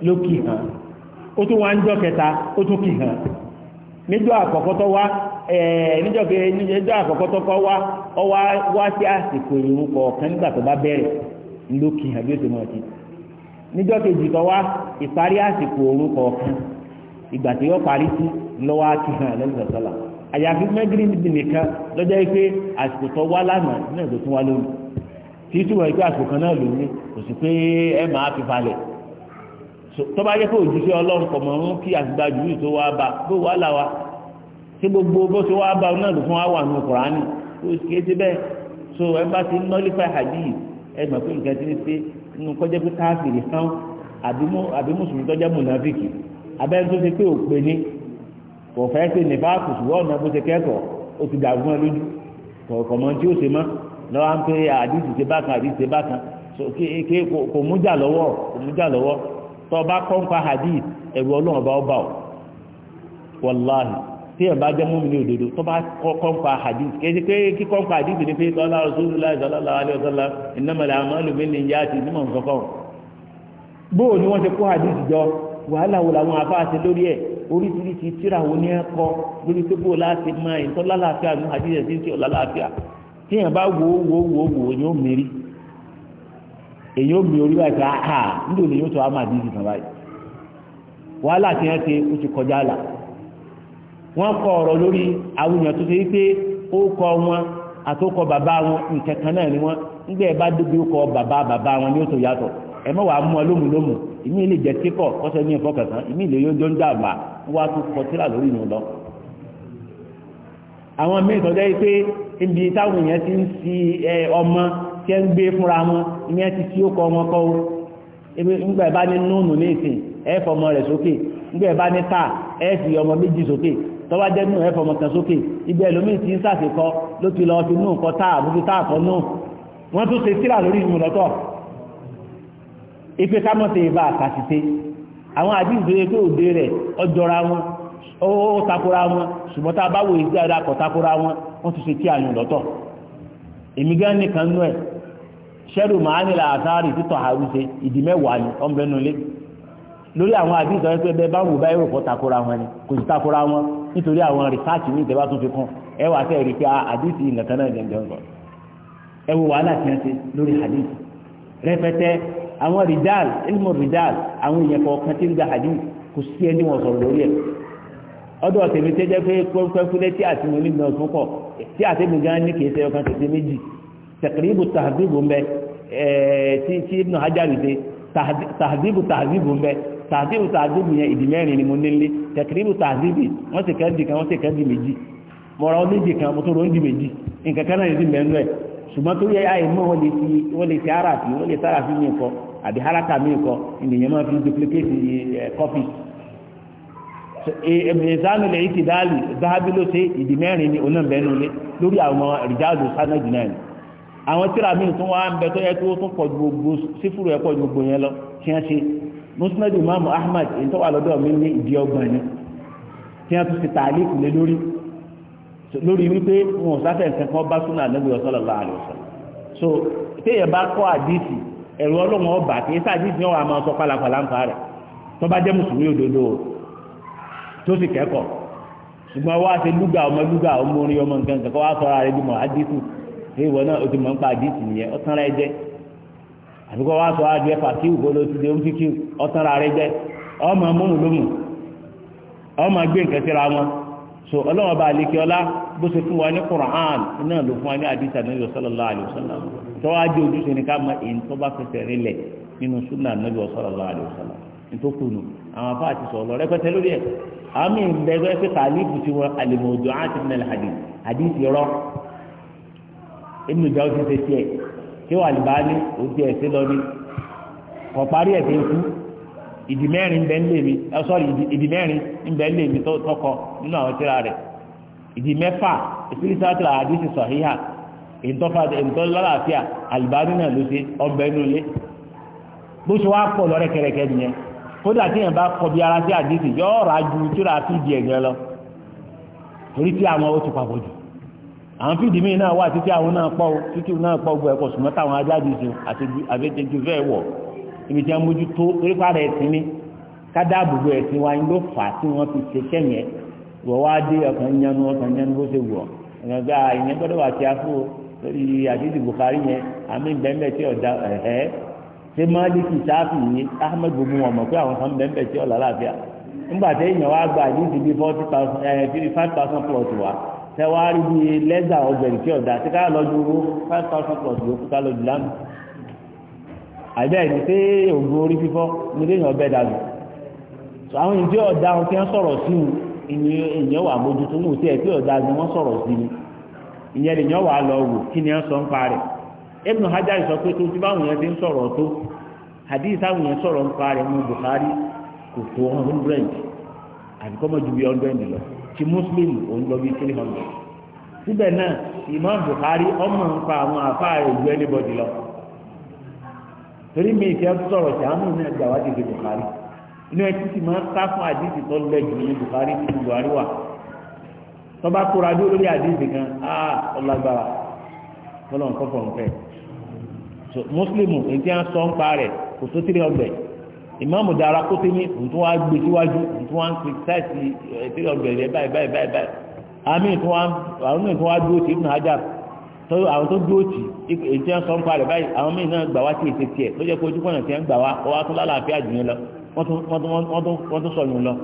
ló kì hàn ó tún wá ń jọ kẹta ó tún kì hàn níjọ́ àkọ́kọ́ wá níjọ́ níjọ́ kọ́ wá ọ wá sí àsìkò kọ̀ọ̀kan nígbà tó bá bẹ̀rẹ̀ ló kì hàn bí ó ti mọ̀ sí níjọ́ kejì wá ìparí àsìkò kọ̀ọ̀kan ìgbà tí yóò parí sí lọ́wọ́ kì hàn lẹ́nu sọ̀tọ́là àyàfi nìkan lọ́jọ́ pé àsìkò tó wá lánàá tó wá lónìí tó bá jẹ́ pé òjíṣẹ́ ọlọ́run kọ̀ mọ̀ ń kí àtìgbà jùlọ tó wá bá bó wà láwa tí gbogbo bó ṣe wá bá náà ló fún wa wà nù kùránì tó ṣe é débẹ̀ so ẹ bá ti nọ́lífàì hadith ẹ mọ̀ pé nǹkan ti ń ṣe nínú kọjá pé káfíìrì kan àbí mùsùlùmí tọ́jà mùnàfíìkì abẹ́rẹ́ tó ṣe pé òpè ni kò fẹ́ ṣe nípa kùsùwọ́ ọ̀nà bó ṣe kẹ́kọ̀ọ́ ó ti dàrú mọ́ lójú kọ̀ọ̀kọ̀ mọ́ tí ó ṣe mọ́ lọ́wọ́ à ń pè àdìsí ṣe bákan àdìsí ṣe bákan kò mú jà lọ́wọ́ tọba kọ́ńpa hadith ẹ̀rù ọlọ́run ọba ọba ọ wàláhì tí ẹ̀ bá jẹ́ mọ́mí ní òdodo tọba kọ́ńpa hadith kéde pé kí kọ́ńpa hadith ni pé tọ́lá rasulullah sallallahu alayhi wa sallam innamal a'malu binniyati ní mọ̀ nǹkan kan bóò ni wọ́n ti kó hadith jọ wàhálà wo làwọn afá àti lórí ẹ̀ oríṣiríṣi tíra wo ni ẹ kọ lórí pé bóò láti máa ìtọ́lá láàfíà ní hadith ẹ̀ èyí ó mi orí wa ha níbi òní yóò tó ama di kan báyìí wàhálà tí wọ́n ti ó ti kọjá àlà Wọn kọ ọrọ lórí àwọn tó ṣe wípé ó kọ wọn àtòkọ bàbá wọn nǹkan náà ni wọ́n nígbà bá débi ó kọ bàbá bàbá wọn ni ó tó yàtọ̀ ẹ mọ̀ wàá mú ọ lómù lómù ìmí jẹ kíkọ kọsẹ ní ẹfọ kankan ìmí yóò kọ tíra lórí lọ. tí ń gbé fúnra wọn ìyẹn ti tí ó kọ wọn kọ́ nígbà ẹ bá ní núùnù ní ìsìn ẹ fọmọ rẹ̀ sókè nígbà ẹ bá ní ta ẹ fi ọmọ méjì sókè tọ́wá jẹ́ nù ẹ fọmọ kan sókè ibi ẹlòmíì ti ń sàṣekọ ló ti lọ fi nù kọ tá àbúkú tá àkọ nù wọ́n tún ṣe síra lórí ìmú lọ́tọ̀ ife kámọ́tẹ̀ ìbá àkàṣìṣe àwọn pé òde rẹ̀ ọjọ́ra wọn ó takora wọn ṣùgbọ́n tá a bá wò àdàkọ̀ takora wọn wọ́n tún ṣe tí àyùn lọ́tọ̀ èmi gán nìkan ẹ̀ ṣẹ́rù màánìlà àtàrí títọ̀ àrùṣe ìdí mẹ́wàá ni ọ̀nbẹ́nulé lórí àwọn àdìsọ pé bẹ́ẹ̀ bá wù bá èrò kọ́ takora wọn ni kò sì takora wọn nítorí àwọn rìsáàtì ní ìjẹba tún fi kún ẹ wà sẹ́ẹ̀ rí pé ah, àdìsí nǹkan náà jẹjọ lọ ẹ wo wàhálà tí wọn ṣe lórí àdìsí rẹpẹtẹ àwọn rìdáàl ilmu rìdáàl àwọn èèyàn kọ̀ọ̀kan tí ń gba àdìsí kò sí ẹni tẹ̀kìrìbù tàhàbíbù mbẹ tí tí ibnu hajar ṣe tàhàbíbù tàhàbíbù mbẹ tàhàbíbù tàhàbíbù yẹn ìdí mẹ́rin ni mo nílé tẹ̀kìrìbù tàhàbíbù wọ́n sì kẹ́ndì kan wọ́n sì kẹ́ndì méjì mọ̀ra méjì kan mo tó ro ń di méjì nǹkan kan náà ní mẹ́rin rẹ̀ ṣùgbọ́n tó yẹ àyè mọ́ wọ́n lè fi wọ́n lè fi ara fi wọ́n lè sára fi mí kọ́ àbí haraka mí kọ́ ènìyàn máa fi duplicate kọ́fì e, e, lórí àwọn rìjáàdù sanadi náà àwọn tíra míì tún wá ń bẹ tó yẹ kí ó tún pọ̀ ju gbogbo sífúrú ẹ̀ pọ̀ ju gbogbo yẹn lọ kí wọ́n ṣe musnad imam ahmad èyí tó wà lọ́dọ̀ mi ní ìdí ọgbọ̀n ni kí wọ́n tún ti tààlíkù lé lórí lórí wípé wọn ò sáfẹ́ nǹkan kan bá súnà ànábì sallallahu alaihi wasallam so téèyàn bá kọ́ àdìsí ẹ̀rọ ọlọ́run ọba kì í sáàdìsí wọn àmọ́ sọ pálapàla ń fa rẹ̀ tó bá jẹ́ mùsùlùmí òdodo tó sì kẹ́kọ̀ọ́ ṣùgbọ́n wá ṣe lúgà ọmọ lúgà ọmọ orin ọmọ nǹkan kan kọ́ wá sọ ara rẹ̀ bí mọ̀ àdìsí àti ìwọ náà o ti mọ̀ nípa àdìsí nìyẹn ọ̀tán rẹ jẹ́ àbíkọ́ wa sọ adìẹ fàkíw bolo ti di omfikiw ọ̀tán rẹ jẹ́ ọmọ múnú ọmọ gbé nǹkan síra wọn so ọlọ́wọ́n bá àlekí ọlá bó ṣe fún wa ní Qur'an náà ló fún wa ní àdìsí ànábì sallallahu alaihi wasallam tó wá dé ojúṣe ní ká mọ èyí tó bá fẹsẹ̀ rinlẹ̀ nínú súnà ànábì sallallahu alaihi wasallam nítòkùnù àwọn afá àti sọ̀rọ̀ rẹpẹtẹ lórí ẹ̀ àmì ìbẹ̀rẹ̀ pé kàlífù tiwọn àlèmọ̀jọ́ àti mẹ́lẹ̀ hadith hadith inú ìjọ ti ṣe tiẹ̀ tí wà lè bá ní òtí ẹ̀ sí lọ ní kọ̀ parí ẹ̀ tó kú ìdí mẹ́rin bẹ́ẹ̀ lè mi ẹ sọ́ọ̀rì ìdí mẹ́rin ń bẹ́ẹ̀ lè mi tọkọ nínú àwọn tíra rẹ̀ ìdí mẹ́fà ìfírísàtìlà àdìsí sọ̀híhà ìntọ́lálàáfíà àlìbáni náà ló ṣe ọbẹ̀ inú ilé bó ṣe wá pọ̀ lọ́rẹ́ kẹrẹkẹ nìyẹn kódà tí yẹn bá kọ bí ara sí àdìsí yọ ọ̀rọ̀ ajú tíra fídìí ẹ̀gẹ́ lọ torí tí àwọn ó ti papọ̀ jù àwọn fídì míì náà wà títí àwọn náà pọ̀ títí náà pọ̀ gbọ́ ẹ̀kọ́ sùmọ́ táwọn ajáde ṣe àfẹ́tẹ́jú fẹ́ wọ̀ ibi tí wọ́n mójú tó orípa rẹ̀ ẹ̀sìn ni kádàbùgbò ẹ̀sìn wa ló fà á tí wọ́n fi ṣe kẹ́yìn wọ́n wá dé ọkàn yanu ọkàn yanu bó ṣe wọ̀ ẹ̀yàn gba ah, ìyẹn gbọ́dọ̀ wà sí afọ lórí àdídì Bukhari yẹn àmì bẹ́ẹ̀ tí ọ̀dà ẹ̀hẹ́ ṣé Málíkì sáfì Ahmed gbogbo wọn mọ̀ pé àwọn kan bẹ́ẹ̀ tí ọ̀là láàbíà nígbà tí èèyàn wá gba àdídì bíi forty thousand ẹ̀ eh, three tẹwàárí bíi lẹ́zà ọgbẹ̀rì tí ọ̀dà tí ká lọ́jú owó five thousand plus yòókù ká lọ́jú lánàá àbẹ́ ẹni pé ògùn orí fífọ́ ní léyìn ọbẹ̀ dàbí àwọn ìdí ọ̀dà wọn tí wọ́n sọ̀rọ̀ sí ìní ìyẹn wà mójútó wọn ò tí ẹ̀ pé ọ̀dà ni wọ́n sọ̀rọ̀ sí ni ìyẹn lè yàn wà lọ wò kí ni wọ́n sọ ń parẹ́ Ibn Hajar sọ pé tó ti báwọn yẹn ti ń sọ̀rọ̀ tó hadith táwọn yẹn sọ̀rọ̀ ń parẹ́ mú Bukhari kò tó hundred àbíkọ́mọ́ ju bí hundred lọ. ti muslim òun lọ bí three hundred síbẹ̀ náà Imam buhari ọmọ nǹkan àwọn àfáà rẹ̀ anybody lọ torí mi ìfẹ́ sọ̀rọ̀ tí náà gbà wá dìde buhari inú ẹ títí máa ń sá fún àdìsí Buhari wà tọ́ba kóra àdìsí kan ah, á muslim sọ ń pa kò ìmáàmù dara kó sí ní ntún wá gbé síwájú ntún wá ń pè sáìsì ìtìlẹ̀ eh, ọ̀gbẹ̀rẹ̀ báyìí báyìí báyìí báyìí àmì ntún wá àwọn náà ntún wá dúró tì Ibn Hajar tó àwọn tó dúró tì ètí ẹ̀ sọ́n parẹ̀ báyìí àwọn míì náà gbà wá sí ètè tiẹ̀ tó jẹ́ pé ojú kọ́nà tiẹ̀ ń gbà wá ó wá tún lálàáfíà jù yín lọ wọ́n tún sọ̀yún lọ.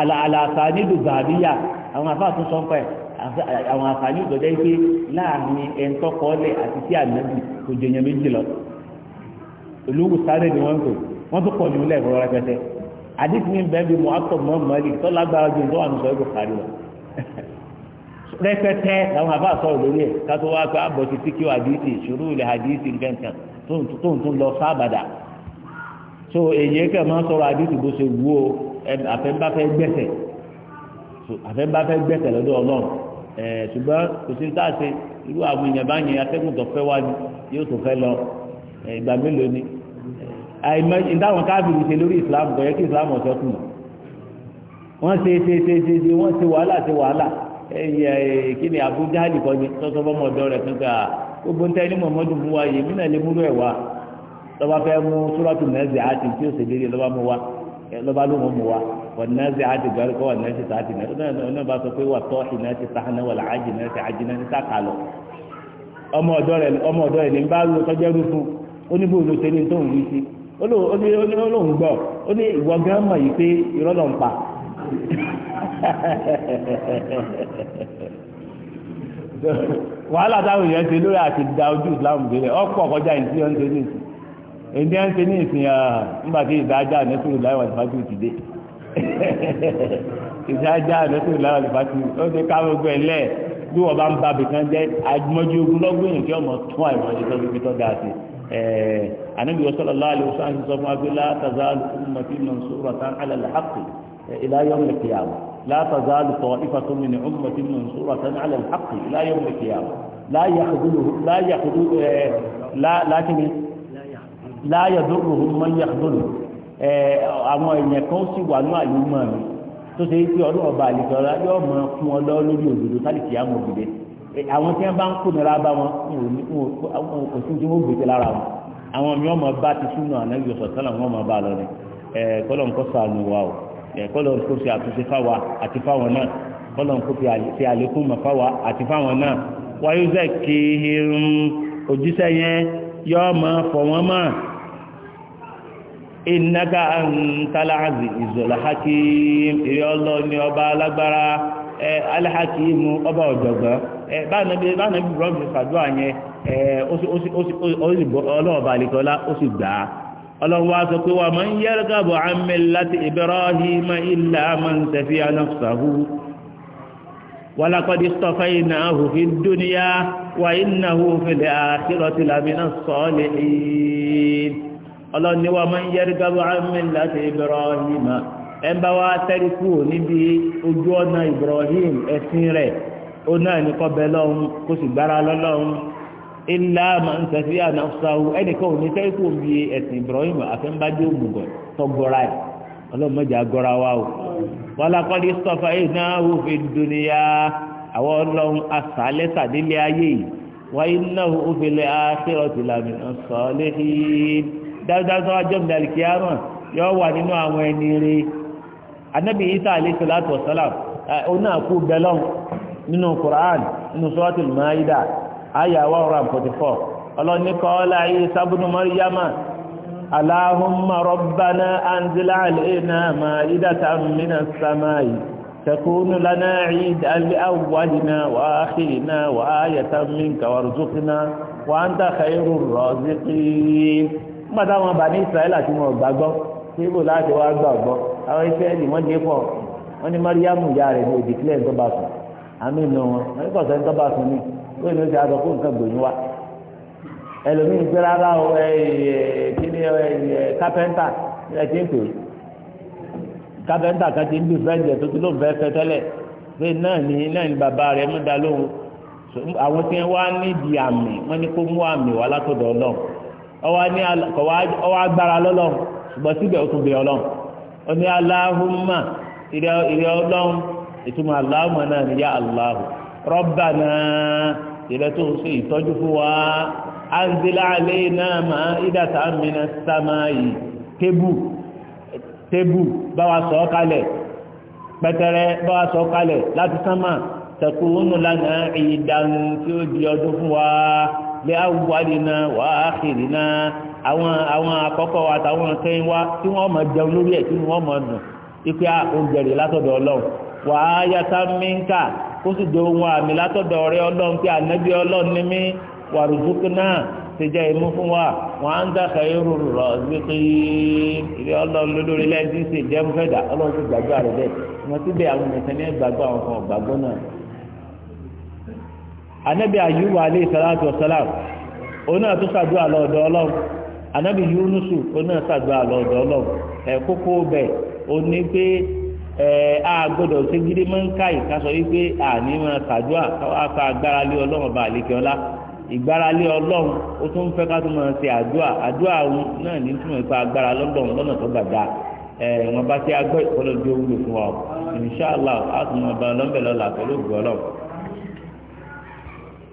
àlàáfà nílùú gbàdúyà àwọn afá tún sọ́n pẹ̀ àwọn àfààní ìgbọ̀dẹ́ pé láàrin ẹ̀ńtọ́kọ́ọ́lẹ̀ àti sí ànábì kò jẹ̀yàn méjì lọ olówó sáré ni wọ́n ń pè wọ́n tún pọ̀ nínú lẹ́ẹ̀kọ́ rẹpẹtẹ àdìsí ní bẹ́ẹ̀ bí mọ́tò mọ́ mọ́lì tó lágbára ju tó wà ní sọ́yìn kò kárí lọ. rẹpẹtẹ làwọn àbá sọ̀rọ̀ lórí ẹ̀ kátó wá pé àbọ̀ ti tíkì àdìsí ìṣòro ilẹ̀ àdìsí nǹkan tó ń tún lọ sábàdà. so èyí kẹ́ máa sọ̀rọ̀ àdìsí bó ṣe wú o àfẹ́ńbáfẹ́ gbẹ̀sẹ̀ àfẹ́ńbáfẹ́ gbẹ̀sẹ̀ lọ́dọ̀ ọlọ́run ṣùgbọ́n kò sí táàṣe irú àwọn èèyàn bá yẹn atẹ́gùn tó fẹ́ wá ni yóò tó fẹ́ lọ ìgbà mélòó ni àìmọ́ ìdáwọn káàbìrì ṣe lórí islam bẹ̀rẹ̀ kí islam ọ̀sẹ̀ kù wọ́n ṣe ṣe ṣe ṣe ṣe wọ́n ṣe wàhálà ṣe wàhálà ẹ̀yẹ kí ni abuja nìkan ni tọ́sọ́ fọmọ ọ̀dọ́ rẹ̀ kankan à gbogbo ntẹ́ ní muhammadu mu wa yìí mínà lè múlò ẹ̀ wá lọ́ba fẹ́ mú sùrọ̀tù nẹ́ẹ̀sì àti tí ó ṣe lérí lọ́ba mú wa lọ́ba ló mú wa wọ́n nẹ́ẹ̀sì àti gbẹ́rùkọ́ wọ́n nẹ́ẹ̀sì àti náà bá sọ pé wà tọ́ọ̀hì nẹ́ẹ̀sì sáhánà nẹ́ẹ̀sì àjì olóhùn gbọ́ ó ní ìwọ gán mọ̀ yìí pé irọ́ ń pa wàhálà táwọn èèyàn ṣe lórí àti da ojú ìsìláàmù délẹ̀ ọ̀pọ̀ kọjá ìdí ọ̀n ṣe ní ìsìn èdè ọ̀n ṣe ní ìsìn tí ìdájà nẹ́sùrù láwọn ti dé ìdájà ó ṣe káwọn ogun bí wọ́n bá ń ba bìkan jẹ́ ogun lọ́gbìn kí ọmọ anabi wasala laali wasu ahi sọ fún wa pé látàzáàlù ummati mansuratan ala alhaqi ila yawm alqiyama látàzáàlù ta'ifatu min ummati mansuratan ala alhaqi ila yawm alqiyama la yakhudhuhu la yakhudhu eh, la lakini la yadurruhum man yakhdhulu eh, àwọn èèyàn kan sì wà ní àlùmọ́ mi tó ṣe pé ọlọ́run ọba àlejò ọ̀la yóò mọ fún ọ lọ lórí òdodo sálìkì àwọn òbí àwọn tí wọn bá ń kó nira bá wọn kò sí ní wọn gbèsè lára wọn. àwọn mi ọmọ bá ti súnà ànábì ọ̀sọ̀tánà wọn ma bá lọ ni kọ́lọ̀ ń kọ́ wa o kọ́lọ̀ ń kó ṣe àtúnṣe fáwa àti fáwọn náà kọ́lọ̀ ń kó ṣe àlékún fáwa àti fáwọn náà wáyé zẹ́ kéhìrún yẹn yọ fọ̀ wọ́n mọ́ ìzọ̀lá ìrẹ́ ọba alágbára ọba ọ̀jọ̀gbọ́n ọlọ́ọ̀bà àlekọ́lá ó sì gbà á ọlọ́wọ́ sọ pé wà máa ń yarghabu an millati Ibrahima illa man safiya nafsahu wa laqad istafaynahu fid dunya wa innahu fil akhirati lamina s-salihin ọlọ́ni wà máa ń yarghabu an ilá máa ń sẹ́sí ànáfíṣàwò ẹnìkan ò ní sẹ́kù bí ẹ̀sìn Ibrahim àfẹ́ńbájú òmùgọ̀ tọ́gọ́ra ẹ̀ ọlọ́mọdé agọ́ra wa o wàlàkọ́lé sọ́fà yìí náà wò fi dúníyà àwọn ọlọ́run asàlẹ̀ sàdílé ayé yìí wáyé náà wò fi lẹ́ àṣírọ̀tì làmìnà sọ́ọ́lé yìí dájúdájú ajọ́ ìdàlì kíámà yọ wà nínú àwọn ẹni rẹ̀ anábì Isa alayhi salatu wa salam àyà one hundred and forty four ọlọ́ni kọ́lá Isa ibn Maryama Allahumma rabbana anzil alayna ma'idatan minas samai تكون لنا عيد لأولنا وآخرنا وآية منك وارزقنا وأنت خير الرازقين ما دام بني إسرائيل àti wọn gbàgbọ́ síbò àmì ìnà wọn wọ́n ní kọ̀sẹ̀ ń ní bóyá ní o ti kó nǹkan gbòòyìn wa ẹlòmíì gbé rárá o ẹ ẹ ẹ ẹ ẹ ti ń pè é kan ti ń bí fẹ́ǹdì ẹ̀ tó ti lóun fẹ́ẹ́ fẹ́ tẹ́lẹ̀ pé náà ní náà ní bàbá mú da àwọn tí wọ́n á àmì wọ́n ní kó mú àmì látọ̀dọ̀ ọlọ́run ọwọ́ ní ọwọ́ agbára lọ́lọ́run ṣùgbọ́n síbẹ̀ ó tún ọlọ́run ó ní aláhùnmá ọlọ́run ìtumọ̀ aláhùnmá náà ní yá aláhùn rọ́bà náà. ìrẹ́ tó ń ṣe ìtọ́jú fún wa anzila alayna ma'idatan minas samai tébù tébù báwa sọ ọ́ kalẹ̀ pẹ̀tẹ̀rẹ̀ báwa sọ ọ́ kalẹ̀ láti sánmà takunu lana ìdàn tí ó di ọdún fún wa lé awwalina wa akhirina àwọn àwọn àkọ́kọ́ àtàwọn kẹ́yìn wa tí wọ́n kó sì do ohun àmì látọ̀dọ̀ rẹ ọlọ́run pé ànábì ọlọ́run ní mí wàrúdúkú náà ti jẹ́ fún wa wọ́n á ń dàkà irú rọ̀ ilé ọlọ́run lólórí lẹ́yìn tí ń ṣe ìjẹun fẹ́dà ọlọ́run ti gbàgbọ́ rẹ̀ bẹ́ẹ̀ wọn ti bẹ àwọn nìkan ní gbàgbọ́ àwọn kan gbàgbọ́ náà. ọ̀sálàm òun náà tún a gbọ́dọ̀ ṣe gidi máa ń ká ìka sọ wípé àní máa kàdúà káwá ká agbára lé ọlọ́run bá àlekè ọlá ìgbára lé ọlọ́run ó tún fẹ́ ká tún máa ṣe àdúà àdúà náà ní túmọ̀ ìpa agbára lọ́dọ̀ọ̀n lọ́nà tó gbàgbà wọn bá ti agbọ́ ìkọlọ́dún owó fún wa inṣáàlá àtúnmọ̀ ọba ọlọ́mbẹ̀ lọ́la pẹ̀lú ògbọ́lọ́mù